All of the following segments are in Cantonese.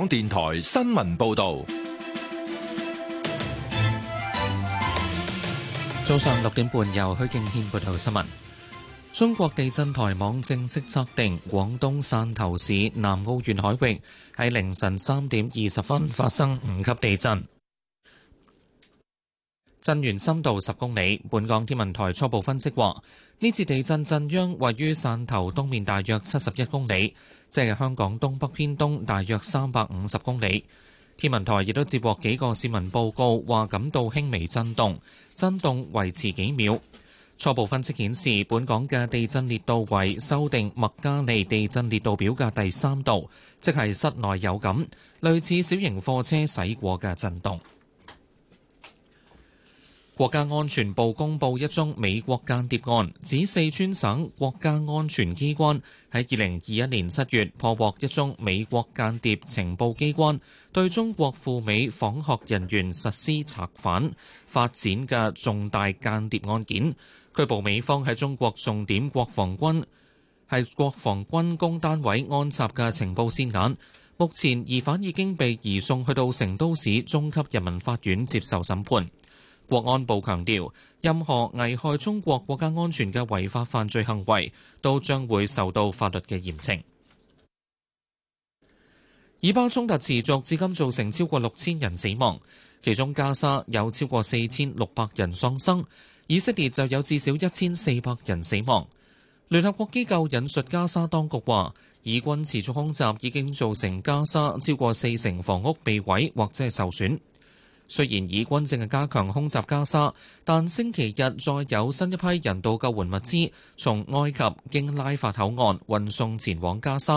港電台新聞報道，早上六點半由許敬軒報道新聞。中國地震台網正式測定，廣東汕頭市南澳縣海域喺凌晨三點二十分發生五級地震。震源深度十公里，本港天文台初步分析話，呢次地震震央位於汕頭東面大約七十一公里，即係香港東北偏東大約三百五十公里。天文台亦都接獲幾個市民報告，話感到輕微震動，震動維持幾秒。初步分析顯示，本港嘅地震烈度為修訂麥加利地震烈度表嘅第三度，即係室內有感，類似小型貨車駛過嘅震動。國家安全部公布一宗美國間諜案，指四川省國家安全機關喺二零二一年七月破獲一宗美國間諜情報機關對中國赴美訪學人員實施策反、發展嘅重大間諜案件，拘捕美方喺中國重點國防軍、係國防軍工單位安插嘅情報線眼。目前疑犯已經被移送去到成都市中級人民法院接受審判。國安部強調，任何危害中國國家安全嘅違法犯罪行為都將會受到法律嘅嚴懲。以巴衝突持續至今，造成超過六千人死亡，其中加沙有超過四千六百人喪生，以色列就有至少一千四百人死亡。聯合國機構引述加沙當局話，以軍持續空襲已經造成加沙超過四成房屋被毀或者係受損。雖然以軍正係加強空襲加沙，但星期日再有新一批人道救援物資從埃及經拉法口岸運送前往加沙。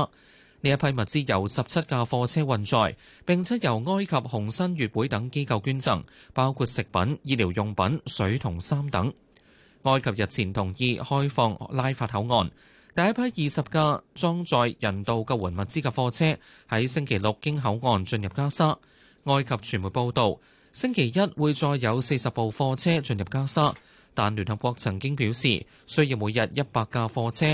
呢一批物資由十七架貨車運載，並且由埃及紅新月會等機構捐贈，包括食品、醫療用品、水同衫等。埃及日前同意開放拉法口岸，第一批二十架裝載人道救援物資嘅貨車喺星期六經口岸進入加沙。埃及傳媒報道。星期一會再有四十部貨車進入加沙，但聯合國曾經表示需要每日一百架貨車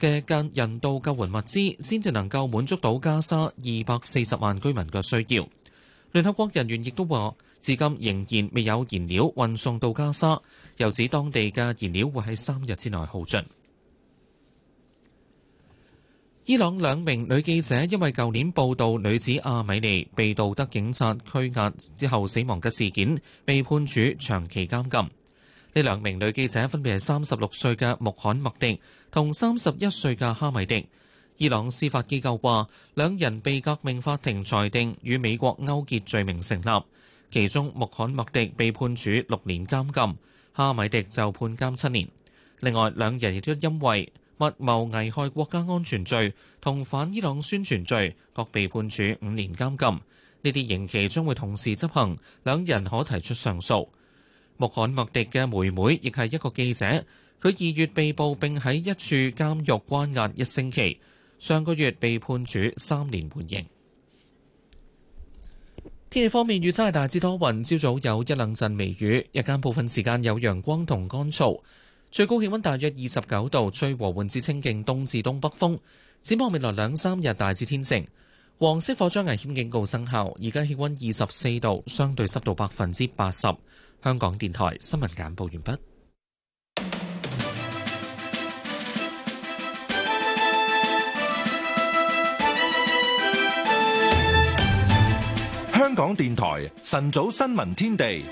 嘅間人道救援物資先至能夠滿足到加沙二百四十萬居民嘅需要。聯合國人員亦都話至今仍然未有燃料運送到加沙，又指當地嘅燃料會喺三日之內耗盡。伊朗兩名女記者因為舊年報導女子阿米尼被道德警察拘押之後死亡嘅事件，被判處長期監禁。呢兩名女記者分別係三十六歲嘅穆罕默迪同三十一歲嘅哈米迪。伊朗司法機構話，兩人被革命法庭裁定與美國勾結罪名成立，其中穆罕默迪被判處六年監禁，哈米迪就判監七年。另外，兩人亦都因為密謀危害國家安全罪同反伊朗宣傳罪，各被判處五年監禁，呢啲刑期將會同時執行。兩人可提出上訴。穆罕默迪嘅妹妹亦係一個記者，佢二月被捕，並喺一處監獄關押一星期，上個月被判處三年緩刑。天氣方面，預測係大致多雲，朝早有一兩陣微雨，日間部分時間有陽光同乾燥。最高氣溫大約二十九度，吹和緩至清勁東至東北風。展望未來兩三日大致天晴。黃色火災危險警告生效，而家氣溫二十四度，相對濕度百分之八十。香港電台新聞簡報完畢。香港電台晨早新聞天地。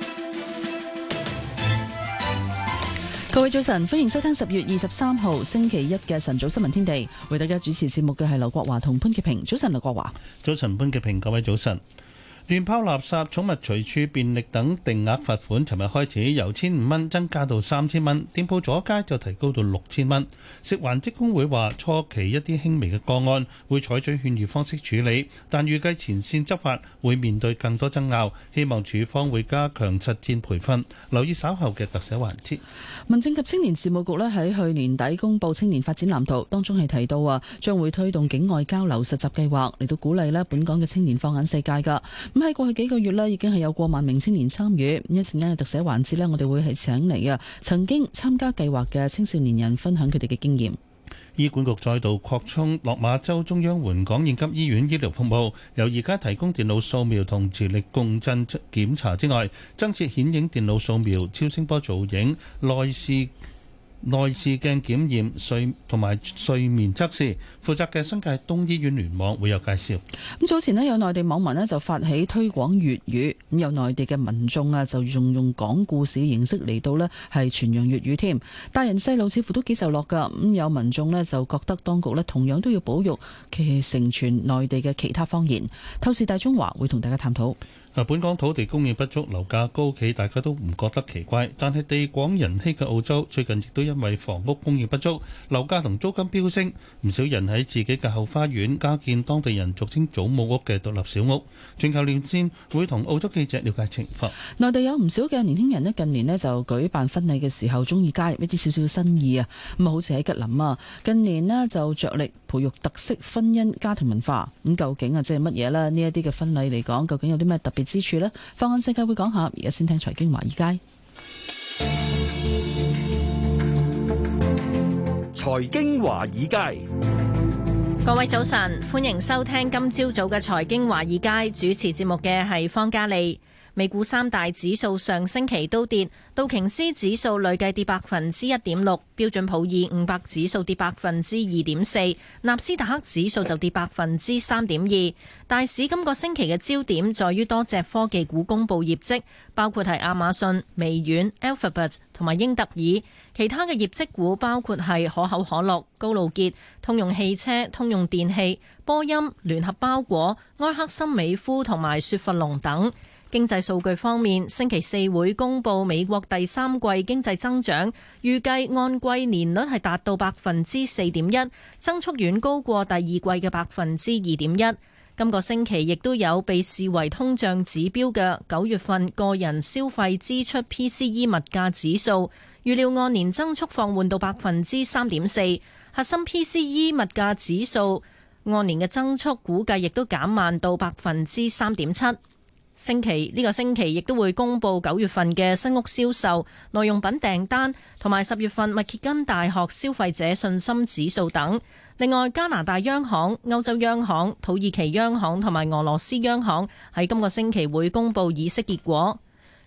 各位早晨，歡迎收聽十月二十三號星期一嘅晨早新聞天地。為大家主持節目嘅係劉國華同潘潔平。早晨，劉國華。早晨，潘潔平。各位早晨。亂拋垃圾、寵物隨處便溺等定額罰款，尋日開始由千五蚊增加到三千蚊，店鋪左街就提高到六千蚊。食環職工會話：初期一啲輕微嘅個案會採取勸喻方式處理，但預計前線執法會面對更多爭拗，希望處方會加強實戰培訓。留意稍後嘅特寫環節。民政及青年事務局咧喺去年底公布青年發展藍圖，當中係提到啊，將會推動境外交流實習計劃嚟到鼓勵咧本港嘅青年放眼世界㗎。喺過去幾個月咧，已經係有過萬名青年參與。一陣間嘅特寫環節咧，我哋會係請嚟嘅曾經參加計劃嘅青少年人分享佢哋嘅經驗。醫管局再度擴充落馬洲中央援港應急醫院醫療服務，由而家提供電腦掃描同磁力共振檢查之外，增設顯影電腦掃描、超聲波造影、內視內視鏡檢驗、睡同埋睡眠測試，負責嘅新界東醫院聯網會有介紹。咁早前咧，有內地網民咧就發起推廣粵語，咁有內地嘅民眾啊，就仲用講故事形式嚟到咧係傳揚粵語添。大人細路似乎都幾受落㗎。咁有民眾咧就覺得當局咧同樣都要保育嘅承傳內地嘅其他方言。透視大中華會同大家探討。嗱，本港土地供應不足，樓價高企，大家都唔覺得奇怪。但係地廣人稀嘅澳洲，最近亦都因為房屋供應不足，樓價同租金飆升，唔少人喺自己嘅後花園加建當地人俗稱祖母屋嘅獨立小屋。全球連線會同澳洲記者了解情況。內地有唔少嘅年輕人呢，近年呢就舉辦婚禮嘅時候，鍾意加入一啲少少新意啊。咁啊，好似喺吉林啊，近年呢就着力培育特色婚姻家庭文化。咁究竟啊，即係乜嘢呢？呢一啲嘅婚禮嚟講，究竟有啲咩特別？之處呢，放眼世界會講下。而家先聽財經華爾街。財經華爾街，各位早晨，歡迎收聽今朝早嘅財經華爾街，主持節目嘅係方嘉莉。美股三大指數上星期都跌，道瓊斯指數累計跌百分之一點六，標準普爾五百指數跌百分之二點四，納斯達克指數就跌百分之三點二。大市今個星期嘅焦點在於多隻科技股公布業績，包括係亞馬遜、微軟、Alphabet 同埋英特爾。其他嘅業績股包括係可口可樂、高露潔、通用汽車、通用電器、波音、聯合包裹、埃克森美孚同埋雪佛龍等。經濟數據方面，星期四會公布美國第三季經濟增長，預計按季年率係達到百分之四點一，增速遠高過第二季嘅百分之二點一。今個星期亦都有被視為通脹指標嘅九月份個人消費支出 PCE 物價指數，預料按年增速放緩到百分之三點四，核心 PCE 物價指數按年嘅增速估計亦都減慢到百分之三點七。星期呢、這個星期亦都會公布九月份嘅新屋銷售、耐用品訂單同埋十月份密歇根大學消費者信心指數等。另外，加拿大央行、歐洲央行、土耳其央行同埋俄羅斯央行喺今個星期會公布議息結果。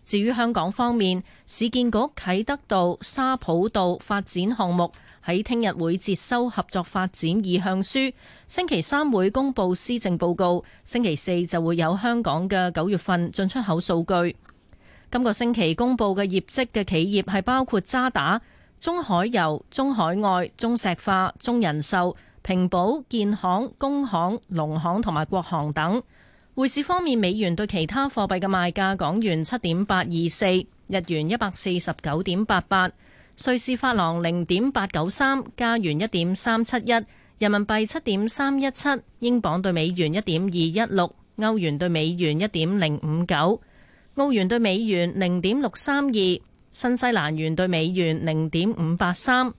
至於香港方面，市建局啟德道沙浦道發展項目。喺聽日會接收合作發展意向書，星期三會公布施政報告，星期四就會有香港嘅九月份進出口數據。今個星期公佈嘅業績嘅企業係包括渣打、中海油、中海外、中石化、中人壽、平保、建行、工行、農行同埋國行等。匯市方面，美元對其他貨幣嘅賣價，港元七點八二四，日元一百四十九點八八。瑞士法郎零點八九三，加元一點三七一，人民幣七點三一七，英鎊兌美元一點二一六，歐元兌美元一點零五九，澳元兌美元零點六三二，新西蘭元兌美元零點五八三。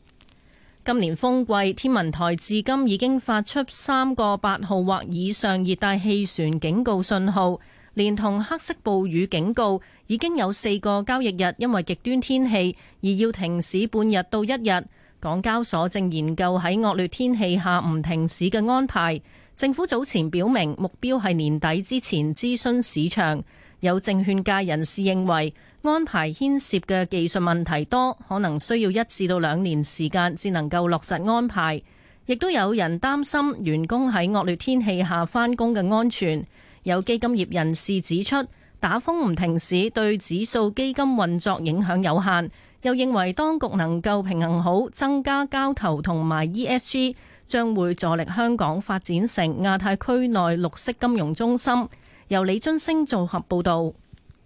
今年風季天文台至今已經發出三個八號或以上熱帶氣旋警告信號。連同黑色暴雨警告，已經有四個交易日因為極端天氣而要停市半日到一日。港交所正研究喺惡劣天氣下唔停市嘅安排。政府早前表明目標係年底之前諮詢市場。有證券界人士認為安排牽涉嘅技術問題多，可能需要一至到兩年時間至能夠落實安排。亦都有人擔心員工喺惡劣天氣下返工嘅安全。有基金業人士指出，打風唔停市對指數基金運作影響有限，又認為當局能夠平衡好增加交投同埋 ESG，將會助力香港發展成亞太區內綠色金融中心。由李津星做合報導。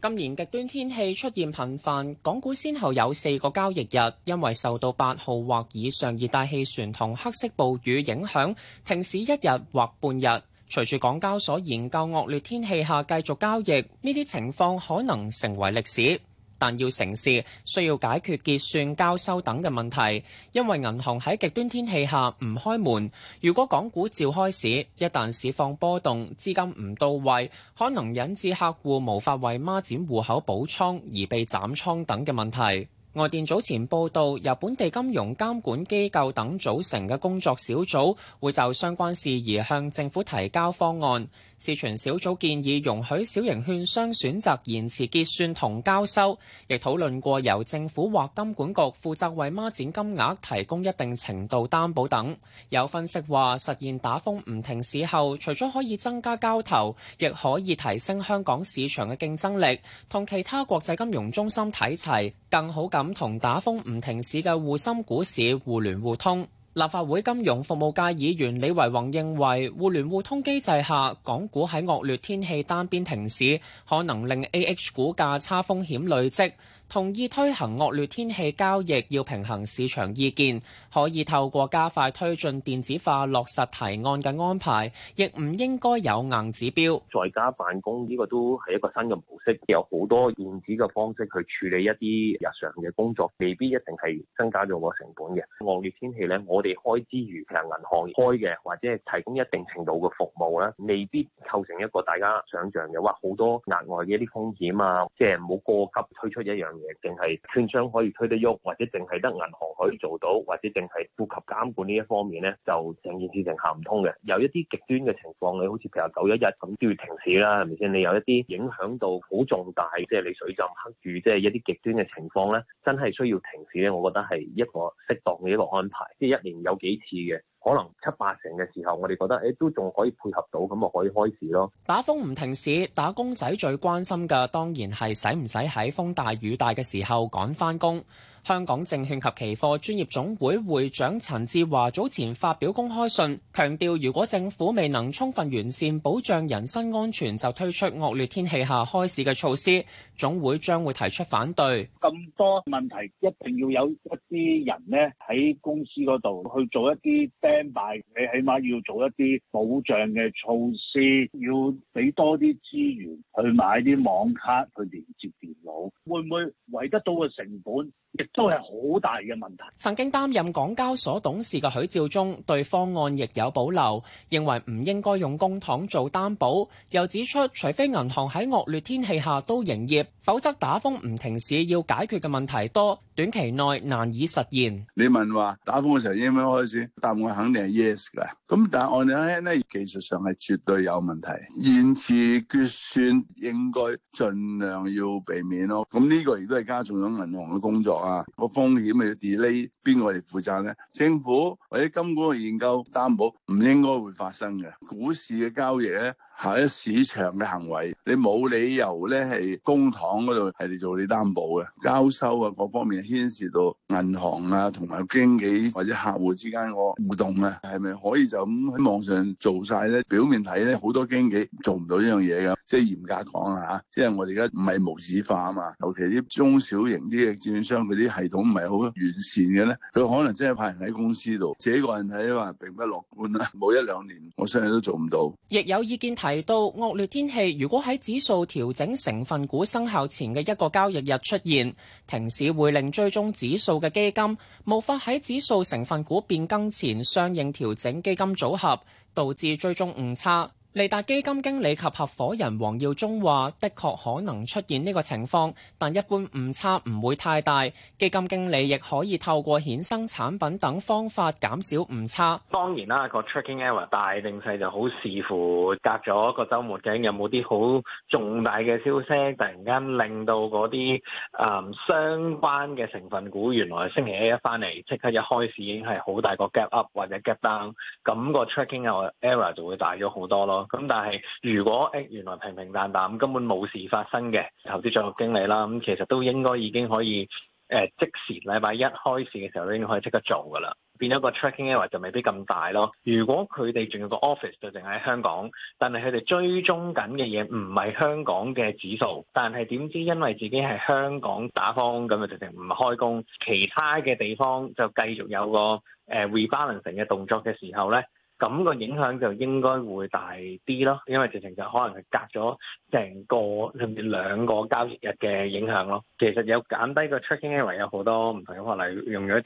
今年極端天氣出現頻繁，港股先後有四個交易日因為受到八號或以上熱帶氣旋同黑色暴雨影響停市一日或半日。隨住港交所研究惡劣天氣下繼續交易，呢啲情況可能成為歷史，但要成事需要解決結算、交收等嘅問題，因為銀行喺極端天氣下唔開門。如果港股照開市，一旦市況波動，資金唔到位，可能引致客戶無法為孖展戶口補倉而被斬倉等嘅問題。外電早前報道，由本地金融監管機構等組成嘅工作小組，會就相關事宜向政府提交方案。市場小組建議容許小型券商選擇延遲結算同交收，亦討論過由政府或金管局負責為孖展金額提供一定程度擔保等。有分析話，實現打風唔停市後，除咗可以增加交投，亦可以提升香港市場嘅競爭力，同其他國際金融中心睇齊，更好咁同打風唔停市嘅滬深股市互聯互通。立法會金融服務界議員李維宏認為，互聯互通機制下，港股喺惡劣天氣單邊停市，可能令 AH 股價差風險累積。同意推行惡劣天氣交易要平衡市場意見，可以透過加快推進電子化落實提案嘅安排，亦唔應該有硬指標。在家辦公呢個都係一個新嘅模式，有好多電子嘅方式去處理一啲日常嘅工作，未必一定係增加咗個成本嘅。惡劣天氣咧，我哋開支譬如銀行開嘅，或者係提供一定程度嘅服務咧，未必構成一個大家想象嘅話好多額外嘅一啲風險啊，即係唔好過急推出一樣。定係券商可以推得喐，或者淨係得銀行可以做到，或者淨係顧及監管呢一方面呢，就成件事情行唔通嘅。有一啲極端嘅情況，你好似譬如九一一咁都要停市啦，係咪先？你有一啲影響到好重大，即係你水浸黑雨，即係一啲極端嘅情況呢，真係需要停市呢，我覺得係一個適當嘅一個安排，即係一年有幾次嘅。可能七八成嘅時候，我哋覺得誒都仲可以配合到，咁啊可以開市咯。打風唔停市，打工仔最關心嘅當然係使唔使喺風大雨大嘅時候趕返工。香港證券及期貨專業總會會長陳志華早前發表公開信，強調，如果政府未能充分完善保障人身安全，就推出惡劣天氣下開市嘅措施，總會將會提出反對。咁多問題一定要有一啲人咧喺公司嗰度去做一啲 standby，你起碼要做一啲保障嘅措施，要俾多啲資源去買啲網卡去連接電腦，會唔會為得到嘅成本？亦都係好大嘅問題。曾經擔任港交所董事嘅許照中對方案亦有保留，認為唔應該用公帑做擔保。又指出，除非銀行喺惡劣天氣下都營業，否則打風唔停市要解決嘅問題多，短期內難以實現。你問話打風嘅時候應唔應該開始？答案肯定係 yes 㗎。咁但係我哋聽咧，技術上係絕對有問題。現時決算應該盡量要避免咯。咁呢個亦都係加重咗銀行嘅工作。啊！個風險嘅 delay，邊個嚟負責咧？政府或者金管局研究擔保，唔應該會發生嘅股市嘅交易啊！係一市場嘅行為，你冇理由咧係公堂嗰度係你做你擔保嘅交收啊，各方面牽涉到銀行啊，同埋經紀或者客戶之間個互動啊，係咪可以就咁喺網上做晒咧？表面睇咧，好多經紀做唔到呢樣嘢嘅，即係嚴格講啊嚇，即係我哋而家唔係無紙化啊嘛，尤其啲中小型啲嘅券商佢啲系統唔係好完善嘅咧，佢可能真係派人喺公司度，自己個人睇話並不樂觀啦，冇一兩年我相信都做唔到。亦有意見提。提到惡劣天氣，如果喺指數調整成分股生效前嘅一個交易日出現停市，會令追蹤指數嘅基金無法喺指數成分股變更前相應調整基金組合，導致追蹤誤差。利達基金經理及合夥人黃耀忠話，的確可能出現呢個情況，但一般誤差唔會太大。基金經理亦可以透過衍生產品等方法減少誤差。當然啦，個 tracking error 大定細就好視乎隔咗個周末究竟有冇啲好重大嘅消息，突然間令到嗰啲誒相關嘅成分股，原來星期一一翻嚟，即刻一開始已經係好大個 gap up 或者 gap down，咁個 tracking error 就會大咗好多咯。咁但係，如果誒原來平平淡淡根本冇事發生嘅投資組合經理啦，咁其實都應該已經可以誒、呃、即時禮拜一開市嘅時候已經可以即刻做㗎喇，變咗個 tracking error 就未必咁大咯。如果佢哋仲有個 office 就淨喺香港，但係佢哋追蹤緊嘅嘢唔係香港嘅指數，但係點知因為自己係香港打風咁就直情唔開工，其他嘅地方就繼續有個誒、呃、rebalancing 嘅動作嘅時候咧。咁個影響就應該會大啲咯，因為直情就可能係隔咗成個甚至兩個交易日嘅影響咯。其實有減低個 tracking error 有好多唔同嘅方法，用咗一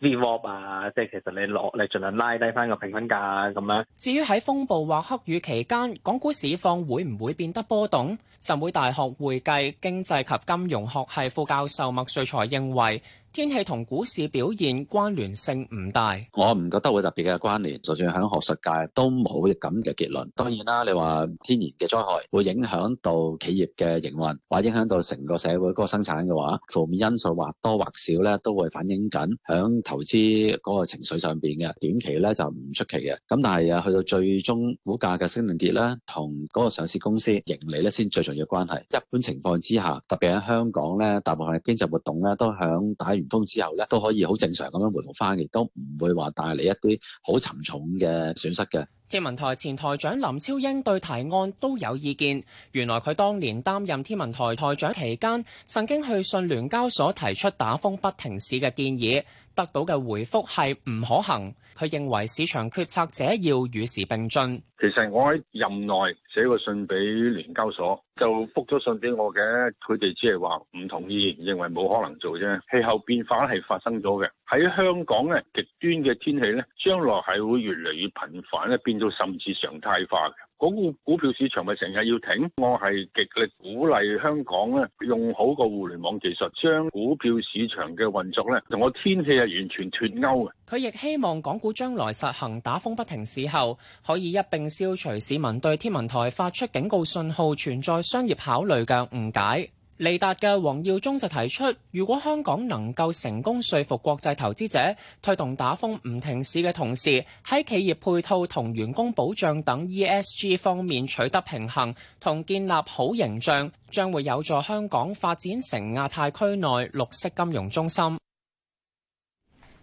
啲 VWAP 啊，即係其實你落你盡量拉低翻個平均價啊咁樣。至於喺風暴或黑雨期間，港股市況會唔會變得波動？浸會大學會計經濟及金融學系副教授麥瑞才認為。天氣同股市表現關聯性唔大，我唔覺得會特別嘅關聯。就算喺學術界都冇咁嘅結論。當然啦，你話天然嘅災害會影響到企業嘅營運，或影響到成個社會嗰個生產嘅話，負面因素或多或少咧都會反映緊喺投資嗰個情緒上邊嘅。短期咧就唔出奇嘅。咁但係啊，去到最終股價嘅升同跌咧，同嗰個上市公司盈利咧先最重要關係。一般情況之下，特別喺香港咧，大部分嘅經濟活動咧都喺打完封之後咧，都可以好正常咁樣回復翻，亦都唔會話帶嚟一啲好沉重嘅損失嘅。天文台前台長林超英對提案都有意見。原來佢當年擔任天文台台長期間，曾經去信聯交所提出打風不停市嘅建議，得到嘅回覆係唔可行。佢認為市場決策者要與時並進。其實我喺任內寫個信俾聯交所，就覆咗信俾我嘅，佢哋只係話唔同意，認為冇可能做啫。氣候變化咧係發生咗嘅，喺香港咧極端嘅天氣咧將來係會越嚟越頻繁咧，變到甚至常態化嘅。股股票市場咪成日要停，我係極力鼓勵香港咧用好個互聯網技術，將股票市場嘅運作咧同我天氣係完全脱鈎嘅。佢亦希望港股將來實行打風不停市後，可以一並。消除市民對天文台發出警告信號存在商業考慮嘅誤解。利達嘅黃耀忠就提出，如果香港能夠成功說服國際投資者推動打風唔停市嘅同時，喺企業配套同員工保障等 ESG 方面取得平衡，同建立好形象，將會有助香港發展成亞太區內綠色金融中心。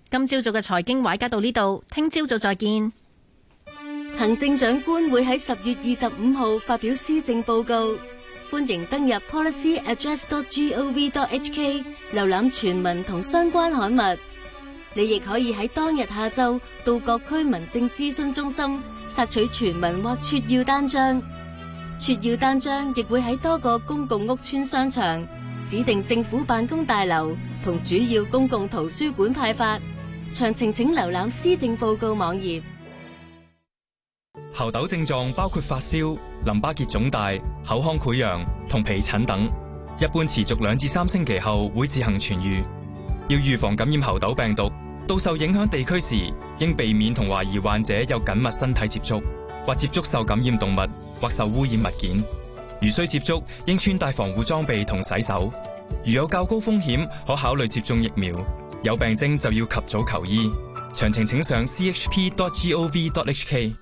今朝早嘅財經快加到呢度，聽朝早再見。行政長官會喺十月二十五號發表施政報告，歡迎登入 policyaddress.gov.hk 瀏覽全文同相關刊物。你亦可以喺當日下晝到各區民政諮詢中心索取全文或撮要單張。撮要單張亦會喺多個公共屋邨、商場、指定政府辦公大樓同主要公共圖書館派發。詳情請瀏覽施政報告網頁。猴痘症狀包括發燒、淋巴結腫大、口腔潰瘍同皮疹等。一般持續兩至三星期後會自行痊愈。要預防感染猴痘病毒，到受影響地區時，應避免同懷疑患者有緊密身體接觸，或接觸受感染動物，或受污染物件。如需接觸，應穿戴防護裝備同洗手。如有較高風險，可考慮接種疫苗。有病徵就要及早求醫。詳情請上 chp.gov.hk。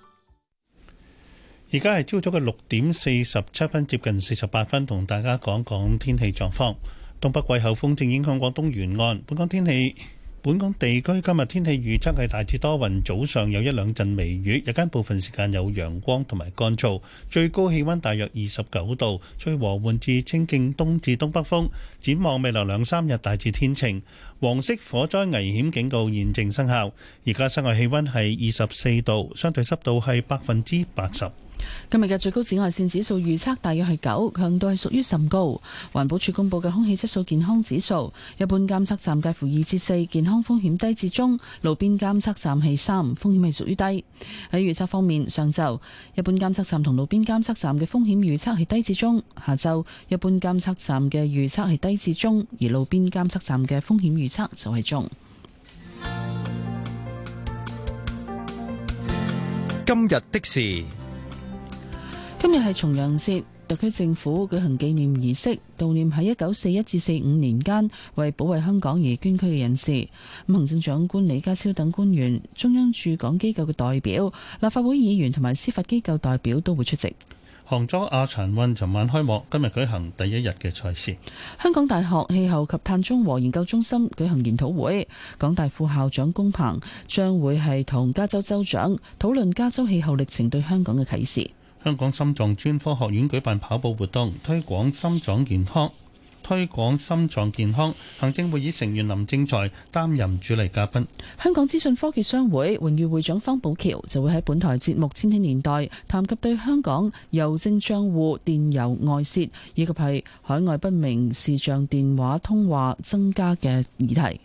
而家係朝早嘅六點四十七分，接近四十八分，同大家講講天氣狀況。東北季候風正影響廣東沿岸。本港天氣，本港地區今日天氣預測係大致多雲，早上有一兩陣微雨，日間部分時間有陽光同埋乾燥，最高氣溫大約二十九度，吹和緩至清勁東至東北風。展望未來兩三日大致天晴。黃色火災危險警告現正生效。而家室外氣溫係二十四度，相對濕度係百分之八十。今日嘅最高紫外線指數預測大約係九，強度係屬於甚高。環保署公布嘅空氣質素健康指數，一般監測站介乎二至四，健康風險低至中；路邊監測站係三，風險係屬於低。喺預測方面，上晝一般監測站同路邊監測站嘅風險預測係低至中；下晝一般監測站嘅預測係低至中，而路邊監測站嘅風險預測就係中。今日的事。今日係重陽節，特區政府舉行紀念儀式，悼念喺一九四一至四五年間為保衛香港而捐軀嘅人士。行政長官李家超等官員、中央駐港機構嘅代表、立法會議員同埋司法機構代表都會出席。杭州亞殘運尋晚開幕，今日舉行第一日嘅賽事。香港大學氣候及碳中和研究中心舉行研討會，港大副校長龔鵬將會係同加州州長討論加州氣候歷程對香港嘅啟示。香港心臟專科學院舉辦跑步活動，推廣心臟健康。推廣心臟健康，行政會議成員林正財擔任主禮嘉賓。香港資訊科技商會榮譽會長方寶橋就會喺本台節目《千禧年代》談及對香港郵政帳戶、電郵外泄，以及係海外不明視像電話通話增加嘅議題。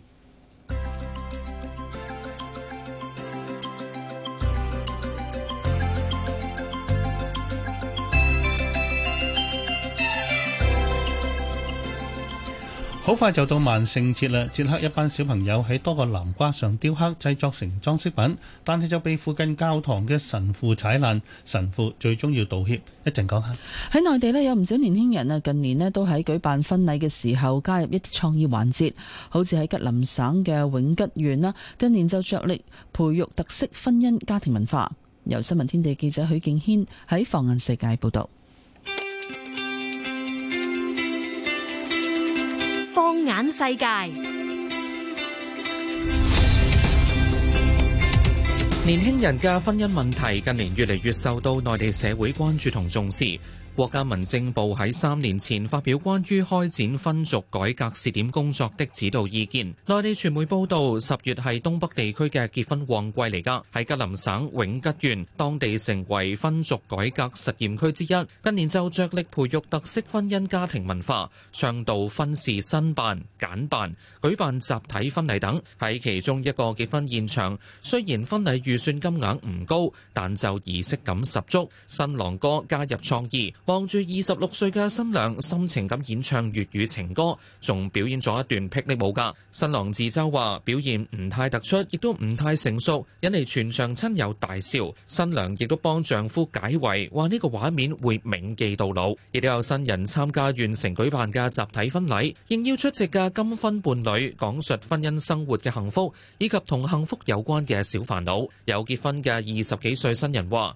好快就到萬聖節啦！捷克一班小朋友喺多個南瓜上雕刻，製作成裝飾品，但係就被附近教堂嘅神父踩爛，神父最終要道歉。一陣講下喺內地呢，有唔少年輕人啊，近年呢都喺舉辦婚禮嘅時候加入一啲創意環節，好似喺吉林省嘅永吉縣啦，近年就着力培育特色婚姻家庭文化。由新聞天地記者許敬軒喺放眼世界報道。眼世界，年輕人嘅婚姻問題近年越嚟越受到內地社會關注同重視。國家民政部喺三年前發表關於開展婚俗改革試點工作的指導意見。內地傳媒報道，十月係東北地區嘅結婚旺季嚟㗎。喺吉林省永吉縣，當地成為婚俗改革實驗區之一。近年就着力培育特色婚姻家庭文化，倡導婚事新辦簡辦，舉辦集體婚禮等。喺其中一個結婚現場，雖然婚禮預算金額唔高，但就儀式感十足。新郎哥加入創意。望住二十六歲嘅新娘，深情咁演唱粵語情歌，仲表演咗一段霹靂舞㗎。新郎自嘲話：表現唔太突出，亦都唔太成熟，引嚟全場親友大笑。新娘亦都幫丈夫解圍，話呢個畫面會銘記到老。亦都有新人參加完成舉辦嘅集體婚禮，應邀出席嘅金婚伴侶講述婚姻生活嘅幸福，以及同幸福有關嘅小煩惱。有結婚嘅二十幾歲新人話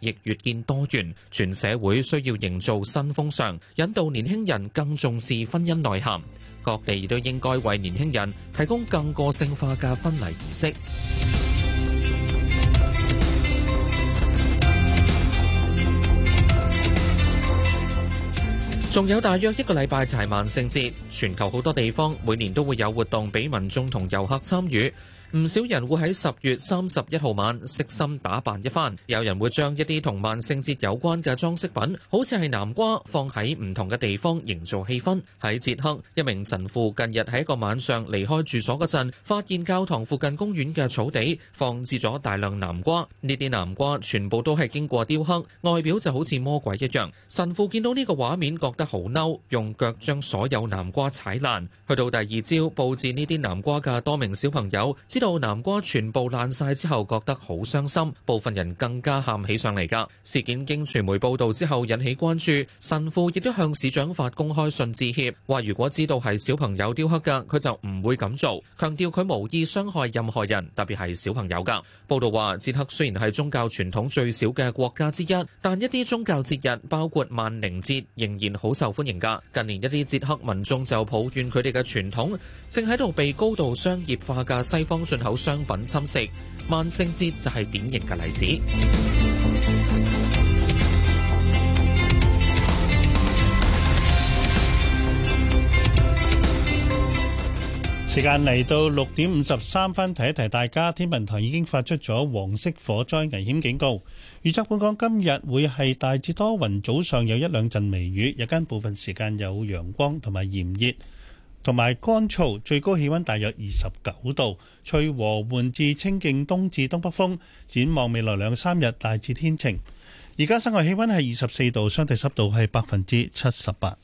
亦越見多元，全社會需要營造新風尚，引導年輕人更重視婚姻內涵。各地亦都應該為年輕人提供更個性化嘅婚禮儀式。仲 有大約一個禮拜就係萬聖節，全球好多地方每年都會有活動俾民眾同遊客參與。唔少人會喺十月三十一號晚悉心打扮一番，有人會將一啲同萬聖節有關嘅裝飾品，好似係南瓜，放喺唔同嘅地方營造氣氛。喺捷克，一名神父近日喺一個晚上離開住所嗰陣，發現教堂附近公園嘅草地放置咗大量南瓜，呢啲南瓜全部都係經過雕刻，外表就好似魔鬼一樣。神父見到呢個畫面覺得好嬲，用腳將所有南瓜踩爛。去到第二朝，佈置呢啲南瓜嘅多名小朋友，到南瓜全部爛晒之後，覺得好傷心。部分人更加喊起上嚟噶。事件經傳媒報道之後引起關注，神父亦都向市長發公開信致歉，話如果知道係小朋友雕刻噶，佢就唔會咁做，強調佢無意傷害任何人，特別係小朋友噶。報道話，捷克雖然係宗教傳統最少嘅國家之一，但一啲宗教節日，包括萬靈節，仍然好受歡迎噶。近年一啲捷克民眾就抱怨佢哋嘅傳統正喺度被高度商業化嘅西方進口商品侵蝕，萬聖節就係典型嘅例子。時間嚟到六點五十三分，提一提大家，天文台已經發出咗黃色火災危險警告。預測本港今日會係大致多雲，早上有一兩陣微雨，日間部分時間有陽光同埋炎熱。同埋乾燥，最高氣溫大約二十九度，吹和緩至清勁東至東北風。展望未來兩三日大致天晴。而家室外氣溫係二十四度，相對濕度係百分之七十八。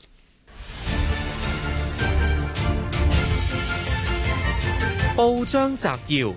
報章摘要，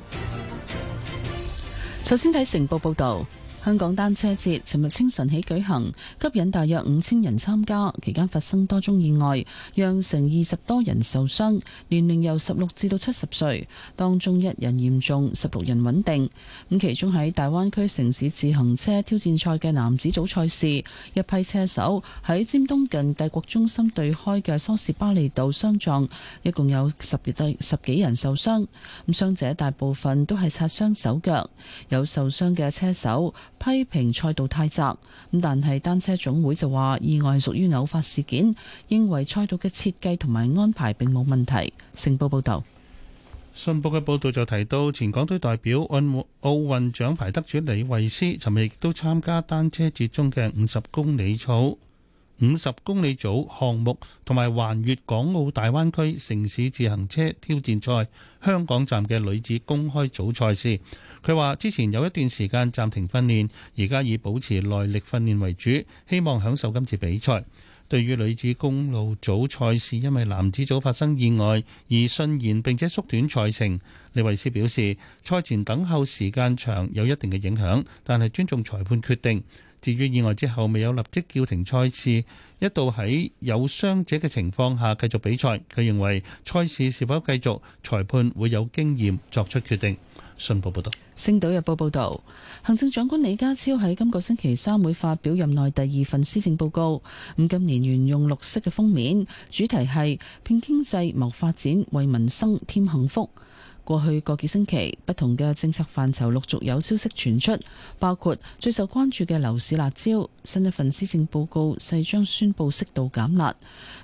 首先睇成報報導。香港單車節尋日清晨起舉行，吸引大約五千人參加。期間發生多宗意外，釀成二十多人受傷，年齡由十六至到七十歲，當中一人嚴重，十六人穩定。咁其中喺大灣區城市自行車挑戰賽嘅男子組賽事，一批車手喺尖東近帝國中心對開嘅梳士巴利道相撞，一共有十幾十幾人受傷。咁傷者大部分都係擦傷手腳，有受傷嘅車手。批評賽道太窄，咁但係單車總會就話意外屬於偶發事件，認為賽道嘅設計同埋安排並冇問題。成報報道，信報嘅報道就提到前港隊代表奧運獎牌得主李慧詩尋日亦都參加單車節中嘅五十公里賽。」五十公里組項目同埋環粵港澳大灣區城市自行車挑戰賽香港站嘅女子公開組賽事，佢話之前有一段時間暫停訓練，而家以保持耐力訓練為主，希望享受今次比賽。對於女子公路組賽事，因為男子組發生意外而順延並且縮短賽程，李維斯表示賽前等候時間長有一定嘅影響，但係尊重裁判決定。至於意外之後未有立即叫停賽事，一度喺有傷者嘅情況下繼續比賽。佢認為賽事是否繼續，裁判會有經驗作出決定。信報報道，《星島日報》報道，行政長官李家超喺今個星期三會發表任內第二份施政報告。咁今年沿用綠色嘅封面，主題係拼經濟謀發展，為民生添幸福。過去個幾星期，不同嘅政策範疇陸續有消息傳出，包括最受關注嘅樓市辣招，新一份施政報告勢將宣布適度減辣。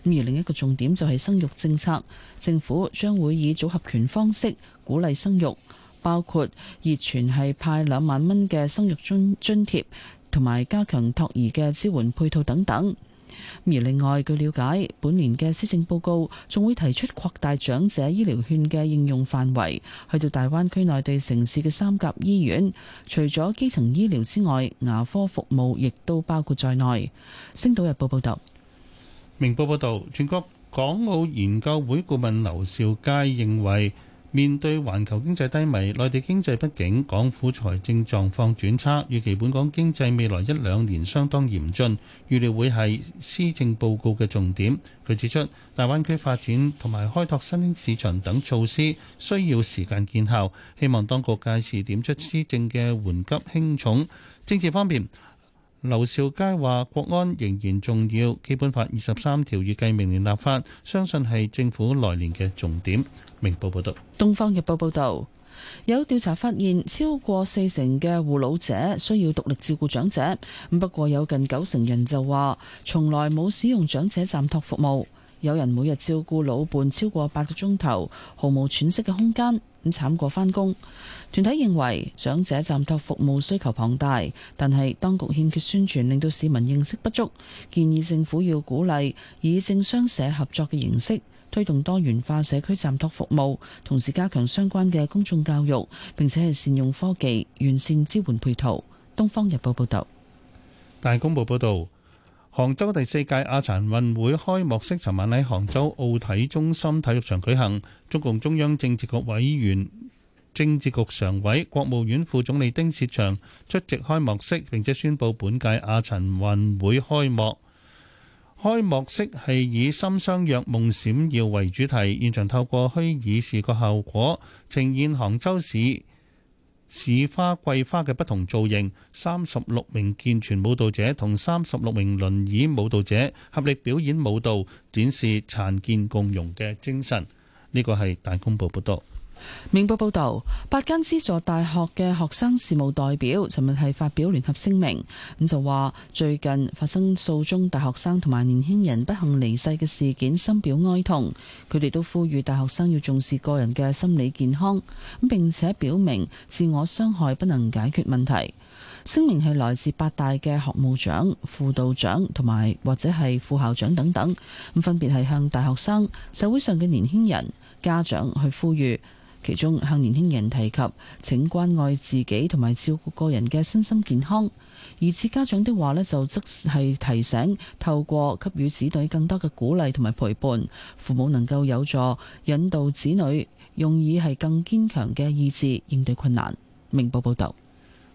而另一個重點就係生育政策，政府將會以組合拳方式鼓勵生育，包括熱傳係派兩萬蚊嘅生育津津貼，同埋加強托兒嘅支援配套等等。而另外，據了解，本年嘅施政報告仲會提出擴大長者醫療券嘅應用範圍，去到大灣區內地城市嘅三甲醫院，除咗基層醫療之外，牙科服務亦都包括在內。星島日報報道，明報報道，全國港澳研究會顧問劉兆佳認為。面對環球經濟低迷，內地經濟不景，港府財政狀況轉差，預期本港經濟未來一兩年相當嚴峻，預料會係施政報告嘅重點。佢指出，大灣區發展同埋開拓新興市場等措施需要時間見效，希望當局屆時點出施政嘅緩急輕重。政治方面。劉兆佳話：國安仍然重要，基本法二十三條預計明年立法，相信係政府來年嘅重點。明報報道，東方日報報道，有調查發現超過四成嘅護老者需要獨力照顧長者，不過有近九成人就話從來冇使用長者暫託服務，有人每日照顧老伴超過八個鐘頭，毫無喘息嘅空間，咁慘過翻工。團體認為長者暫託服務需求龐大，但係當局欠缺宣傳，令到市民認識不足。建議政府要鼓勵以政商社合作嘅形式推動多元化社區暫託服務，同時加強相關嘅公眾教育，並且係善用科技完善支援配套。《東方日報》報道：「大公報報道，杭州第四屆亞殘運會開幕式昨晚喺杭州奧體中心體育場舉行。中共中央政治局委員政治局常委、國務院副總理丁薛祥出席開幕式，並且宣布本屆亞殘運會開幕。開幕式係以「心相約，夢閃耀」為主題，現場透過虛擬視覺效果呈現杭州市市花桂花嘅不同造型。三十六名健全舞蹈者同三十六名輪椅舞蹈者合力表演舞蹈，展示殘健共融嘅精神。呢個係大公報報道。明報報道，八間資助大學嘅學生事務代表，尋日係發表聯合聲明，咁就話最近發生數宗大學生同埋年輕人不幸離世嘅事件，深表哀痛。佢哋都呼籲大學生要重視個人嘅心理健康，咁並且表明自我傷害不能解決問題。聲明係來自八大嘅學務長、輔導長同埋或者係副校長等等，咁分別係向大學生、社會上嘅年輕人、家長去呼籲。其中向年輕人，提及請關愛自己同埋照顧個人嘅身心健康，而至家長的話咧，就則係提醒透過給予子女更多嘅鼓勵同埋陪伴，父母能夠有助引導子女用以係更堅強嘅意志應對困難。明報報道。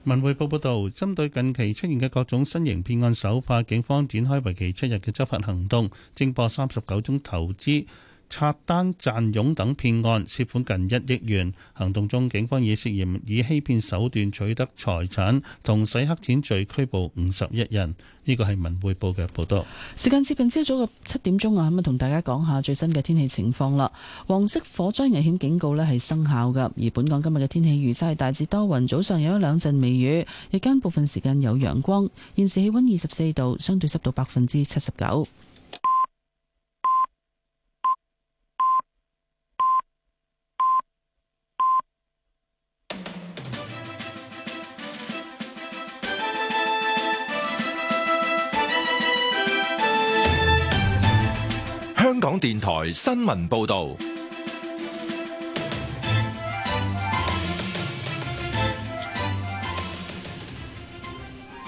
文匯報報道，針對近期出現嘅各種新型騙案手法，警方展開為期七日嘅執法行動，偵破三十九宗投資。拆單、贊佣等騙案，涉款近一億元。行動中，警方以涉嫌以欺騙手段取得財產同洗黑錢罪拘捕五十一人。呢個係文匯報嘅報道。時間接近朝早嘅七點鐘啊，咁啊同大家講下最新嘅天氣情況啦。黃色火災危險警告呢係生效嘅，而本港今日嘅天氣預測係大致多雲，早上有一兩陣微雨，日間部分時間有陽光。現時氣溫二十四度，相對濕度百分之七十九。香港電台新聞報道，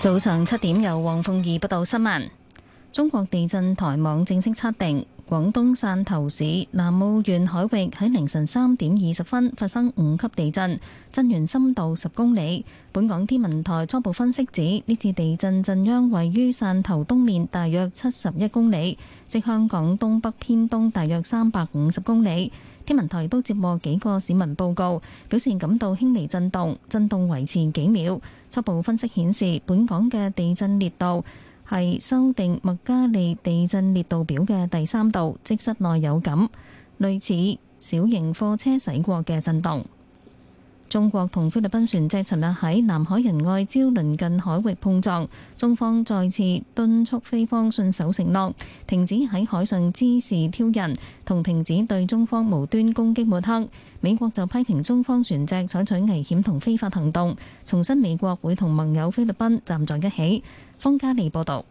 早上七點由黃鳳儀報道新聞。中國地震台網正式測定。廣東汕頭市南澳縣海域喺凌晨三點二十分發生五級地震，震源深度十公里。本港天文台初步分析指，呢次地震震央位於汕頭東面大約七十一公里，即香港東北偏東大約三百五十公里。天文台都接獲幾個市民報告，表示感到輕微震動，震動維持幾秒。初步分析顯示，本港嘅地震烈度。係修訂麥加利地震烈度表嘅第三度，即室內有感，類似小型貨車駛過嘅震動。中國同菲律賓船隻尋日喺南海仁愛礁鄰近海域碰撞，中方再次敦促菲方信守承諾，停止喺海上滋事挑釁，同停止對中方無端攻擊抹黑。美國就批評中方船隻採取危險同非法行動，重申美國會同盟友菲律賓站在一起。方嘉利報道：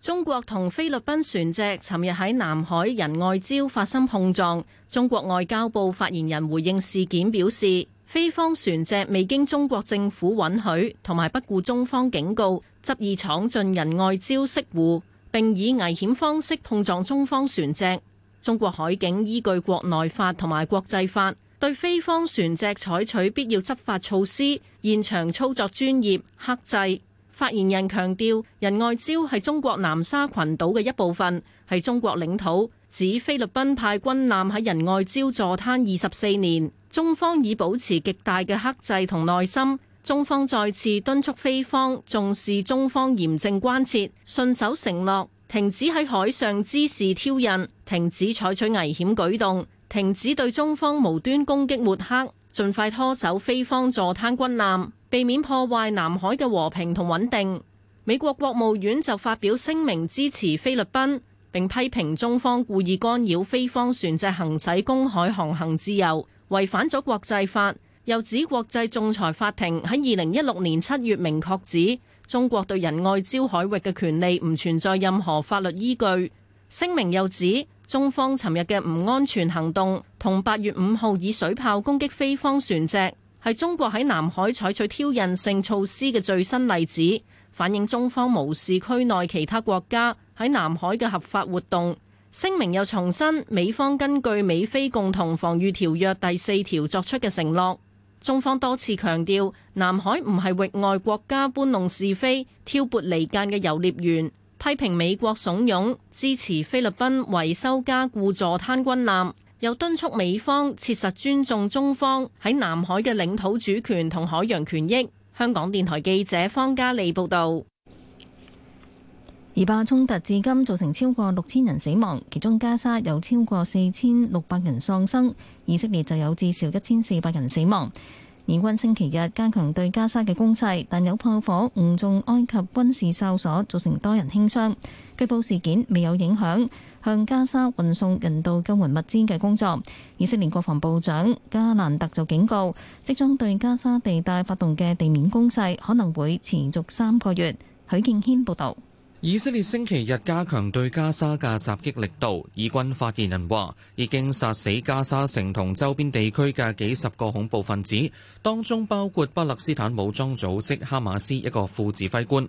中國同菲律賓船隻尋日喺南海仁愛礁發生碰撞。中國外交部發言人回應事件表示，菲方船隻未經中國政府允許，同埋不顧中方警告，執意闖進仁愛礁潟湖，並以危險方式碰撞中方船隻。中國海警依據國內法同埋國際法，對菲方船隻採取必要執法措施，現場操作專業、克制。發言人強調，仁愛礁係中國南沙群島嘅一部分，係中國領土。指菲律賓派軍艦喺仁愛礁坐灘二十四年，中方已保持極大嘅克制同耐心。中方再次敦促菲方重視中方嚴正關切，信守承諾，停止喺海上滋事挑釁，停止採取危險舉動，停止對中方無端攻擊抹黑，盡快拖走菲方坐灘軍艦。避免破壞南海嘅和平同穩定，美國國務院就發表聲明支持菲律賓，並批評中方故意干擾菲方船隻行使公海航行自由，違反咗國際法。又指國際仲裁法庭喺二零一六年七月明確指，中國對仁愛礁海域嘅權利唔存在任何法律依據。聲明又指中方尋日嘅唔安全行動同八月五號以水炮攻擊菲方船隻。係中國喺南海採取挑釁性措施嘅最新例子，反映中方無視區內其他國家喺南海嘅合法活動。聲明又重申美方根據美菲共同防禦條約第四條作出嘅承諾。中方多次強調，南海唔係域外國家搬弄是非、挑撥離間嘅遊獵員，批評美國慫恿支持菲律賓維，維修加固坐灘軍艦。又敦促美方切實尊重中方喺南海嘅領土主權同海洋權益。香港電台記者方嘉利報道，以巴衝突至今造成超過六千人死亡，其中加沙有超過四千六百人喪生，以色列就有至少一千四百人死亡。以軍星期日加強對加沙嘅攻勢，但有炮火誤中埃及軍事哨所，造成多人輕傷。據報事件未有影響向加沙運送人道救援物資嘅工作，以色列國防部長加蘭特就警告，即將對加沙地帶發動嘅地面攻勢可能會持續三個月。許建軒報道，以色列星期日加強對加沙嘅襲擊力度，以軍發言人話已經殺死加沙城同周邊地區嘅幾十個恐怖分子，當中包括巴勒斯坦武裝組織哈馬斯一個副指揮官。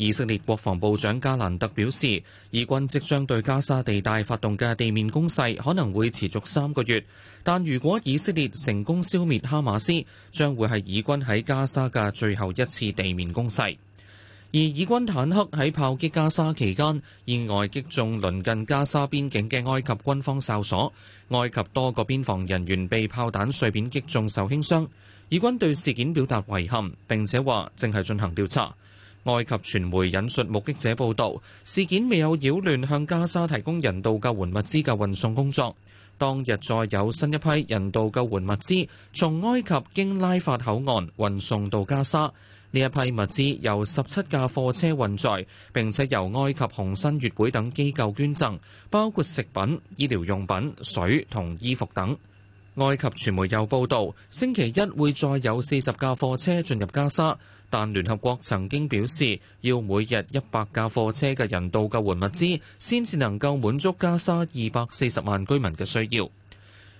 以色列國防部長加蘭特表示，以軍即將對加沙地帶發動嘅地面攻勢可能會持續三個月，但如果以色列成功消滅哈馬斯，將會係以軍喺加沙嘅最後一次地面攻勢。而以軍坦克喺炮擊加沙期間意外擊中鄰近加沙邊境嘅埃及軍方哨所，埃及多個邊防人員被炮彈碎片擊中受輕傷，以軍對事件表達遺憾，並且話正係進行調查。埃及傳媒引述目擊者報道，事件未有擾亂向加沙提供人道救援物資嘅運送工作。當日再有新一批人道救援物資從埃及經拉法口岸運送到加沙。呢一批物資由十七架貨車運載，並且由埃及紅新月會等機構捐贈，包括食品、醫療用品、水同衣服等。埃及傳媒又報道，星期一會再有四十架貨車進入加沙。但聯合國曾經表示，要每日一百架貨車嘅人道救援物資，先至能夠滿足加沙二百四十萬居民嘅需要。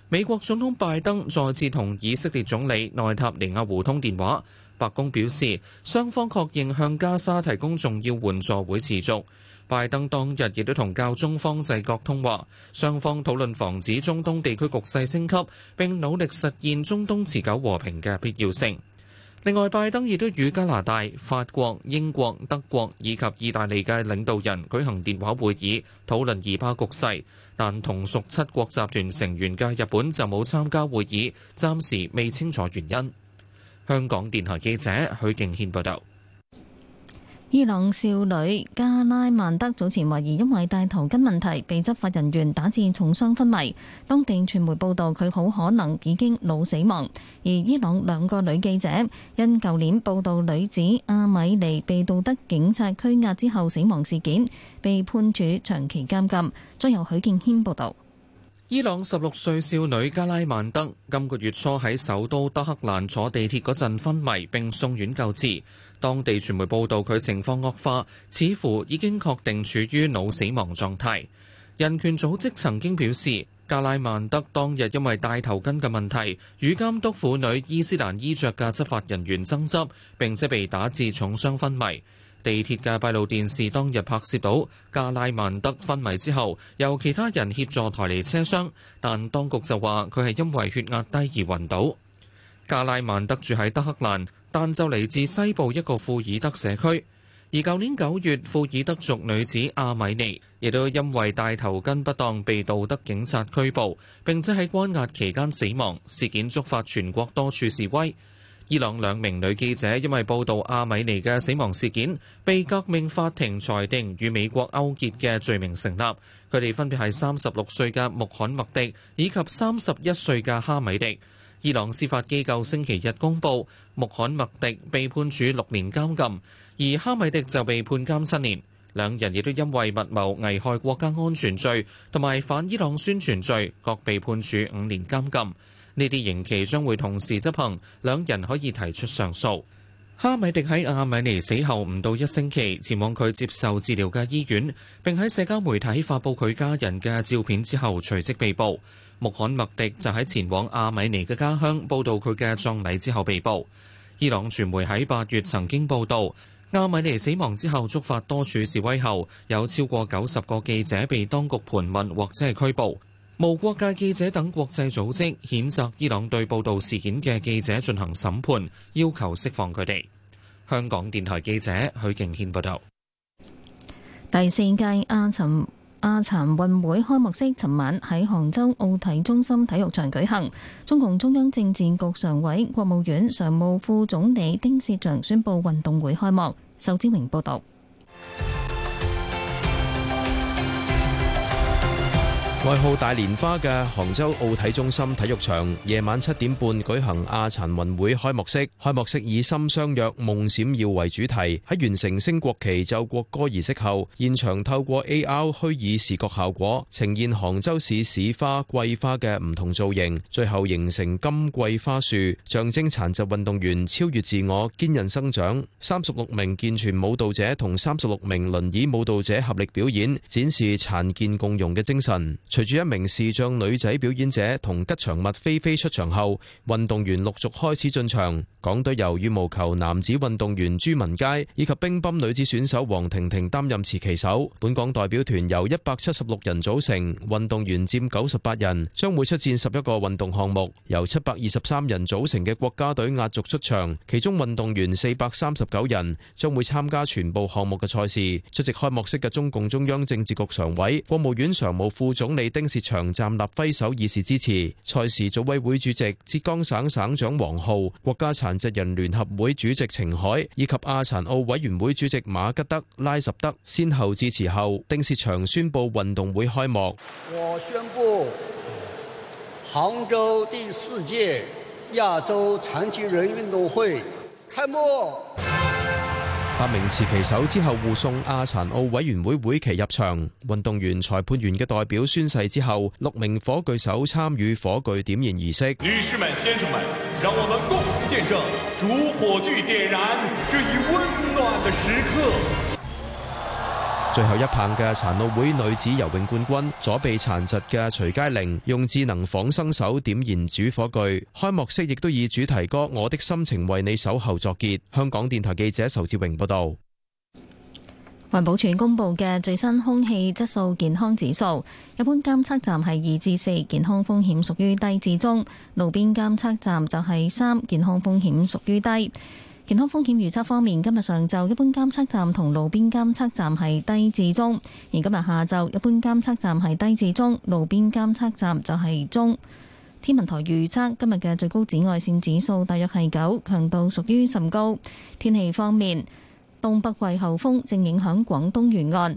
美國總統拜登再次同以色列總理內塔尼亞胡通電話，白宮表示雙方確認向加沙提供重要援助會持續。拜登當日亦都同教宗方濟各通話，雙方討論防止中東地區局勢升級，並努力實現中東持久和平嘅必要性。另外，拜登亦都與加拿大、法國、英國、德國以及意大利嘅領導人舉行電話會議，討論二巴局勢，但同屬七國集團成員嘅日本就冇參加會議，暫時未清楚原因。香港電台記者許敬軒報道。伊朗少女加拉曼德早前懷疑因為戴頭巾問題被執法人員打至重傷昏迷，當地傳媒報道佢好可能已經腦死亡。而伊朗兩個女記者因舊年報道女子阿米尼被道德警察拘押之後死亡事件，被判處長期監禁。再由許敬軒報道。伊朗十六歲少女加拉曼德今個月初喺首都德黑蘭坐地鐵嗰陣昏迷，並送院救治。當地傳媒報導佢情況惡化，似乎已經確定處於腦死亡狀態。人權組織曾經表示，加拉曼德當日因為戴頭巾嘅問題，與監督婦女伊斯蘭衣着嘅執法人員爭執，並且被打致重傷昏迷。地鐵嘅閉路電視當日拍攝到加拉曼德昏迷之後，由其他人協助抬離車廂，但當局就話佢係因為血壓低而暈倒。加拉曼德住喺德克蘭。但就嚟自西部一個庫爾德社區，而舊年九月，庫爾德族女子阿米尼亦都因為戴頭巾不當被道德警察拘捕，並且喺關押期間死亡。事件觸發全國多處示威。伊朗兩名女記者因為報道阿米尼嘅死亡事件，被革命法庭裁定與美國勾結嘅罪名成立。佢哋分別係三十六歲嘅穆罕默迪以及三十一歲嘅哈米迪。伊朗司法機構星期日公佈，穆罕默迪被判處六年監禁，而哈米迪就被判監七年。兩人亦都因為密謀危害國家安全罪同埋反伊朗宣傳罪，各被判處五年監禁。呢啲刑期將會同時執行，兩人可以提出上訴。哈米迪喺阿米尼死後唔到一星期，前往佢接受治療嘅醫院，並喺社交媒體發布佢家人嘅照片之後，隨即被捕。穆罕默迪就喺前往阿米尼嘅家鄉報道佢嘅葬禮之後被捕。伊朗傳媒喺八月曾經報道，阿米尼死亡之後觸發多處示威後，有超過九十個記者被當局盤問或者係拘捕。無國界記者等國際組織譴責伊朗對報道事件嘅記者進行審判，要求釋放佢哋。香港電台記者許敬軒報道。第四屆阿什亞殘運會開幕式尋晚喺杭州奧體中心體育場舉行，中共中央政治局常委、國務院常務副總理丁薛祥宣布運動會開幕。仇志明報導。外號大蓮花嘅杭州奧體中心體育場，夜晚七點半舉行亞殘運會開幕式。開幕式以“心相約，夢閃耀”為主題。喺完成升國旗奏國歌儀式後，現場透過 AR 虛擬視覺效果呈現杭州市市花桂花嘅唔同造型，最後形成金桂花樹，象徵殘疾運動員超越自我、堅韌生長。三十六名健全舞蹈者同三十六名輪椅舞蹈者合力表演，展示殘健共融嘅精神。隨住一名視像女仔表演者同吉祥物飛飛出場後，運動員陸續開始進場。港隊由羽毛球男子運動員朱文佳以及乒乓女子選手黃婷婷擔任持旗手。本港代表團由一百七十六人組成，運動員佔九十八人，將會出戰十一個運動項目。由七百二十三人組成嘅國家隊壓軸出場，其中運動員四百三十九人將會參加全部項目嘅賽事。出席開幕式嘅中共中央政治局常委、國務院常務副總理。被丁薛祥站立揮手以示支持。賽事組委會主席浙江省省省長王浩、國家殘疾人聯合會主席程海以及亞殘奧委員會主席馬吉德拉什德先後致辭後，丁薛祥宣布運動會開幕。我宣布，杭州第四屆亞洲殘疾人運動會開幕。八名持旗手之後護送亞殘奧委員會會旗入場，運動員、裁判員嘅代表宣誓之後，六名火炬手參與火炬點燃儀式。女士們、先生們，讓我們共同見證主火炬點燃這一溫暖的時刻。最後一棒嘅殘奧會女子游泳冠軍，左臂殘疾嘅徐佳玲用智能仿生手點燃主火炬。開幕式亦都以主題歌《我的心情為你守候》作結。香港電台記者仇志榮報道。環保署公布嘅最新空氣質素健康指數，一般監測站係二至四，健康風險屬於低至中；路邊監測站就係三，健康風險屬於低。健康風險預測方面，今日上晝一般監測站同路邊監測站係低至中，而今日下晝一般監測站係低至中，路邊監測站就係中。天文台預測今日嘅最高紫外線指數大約係九，強度屬於甚高。天氣方面，東北季候風正影響廣東沿岸。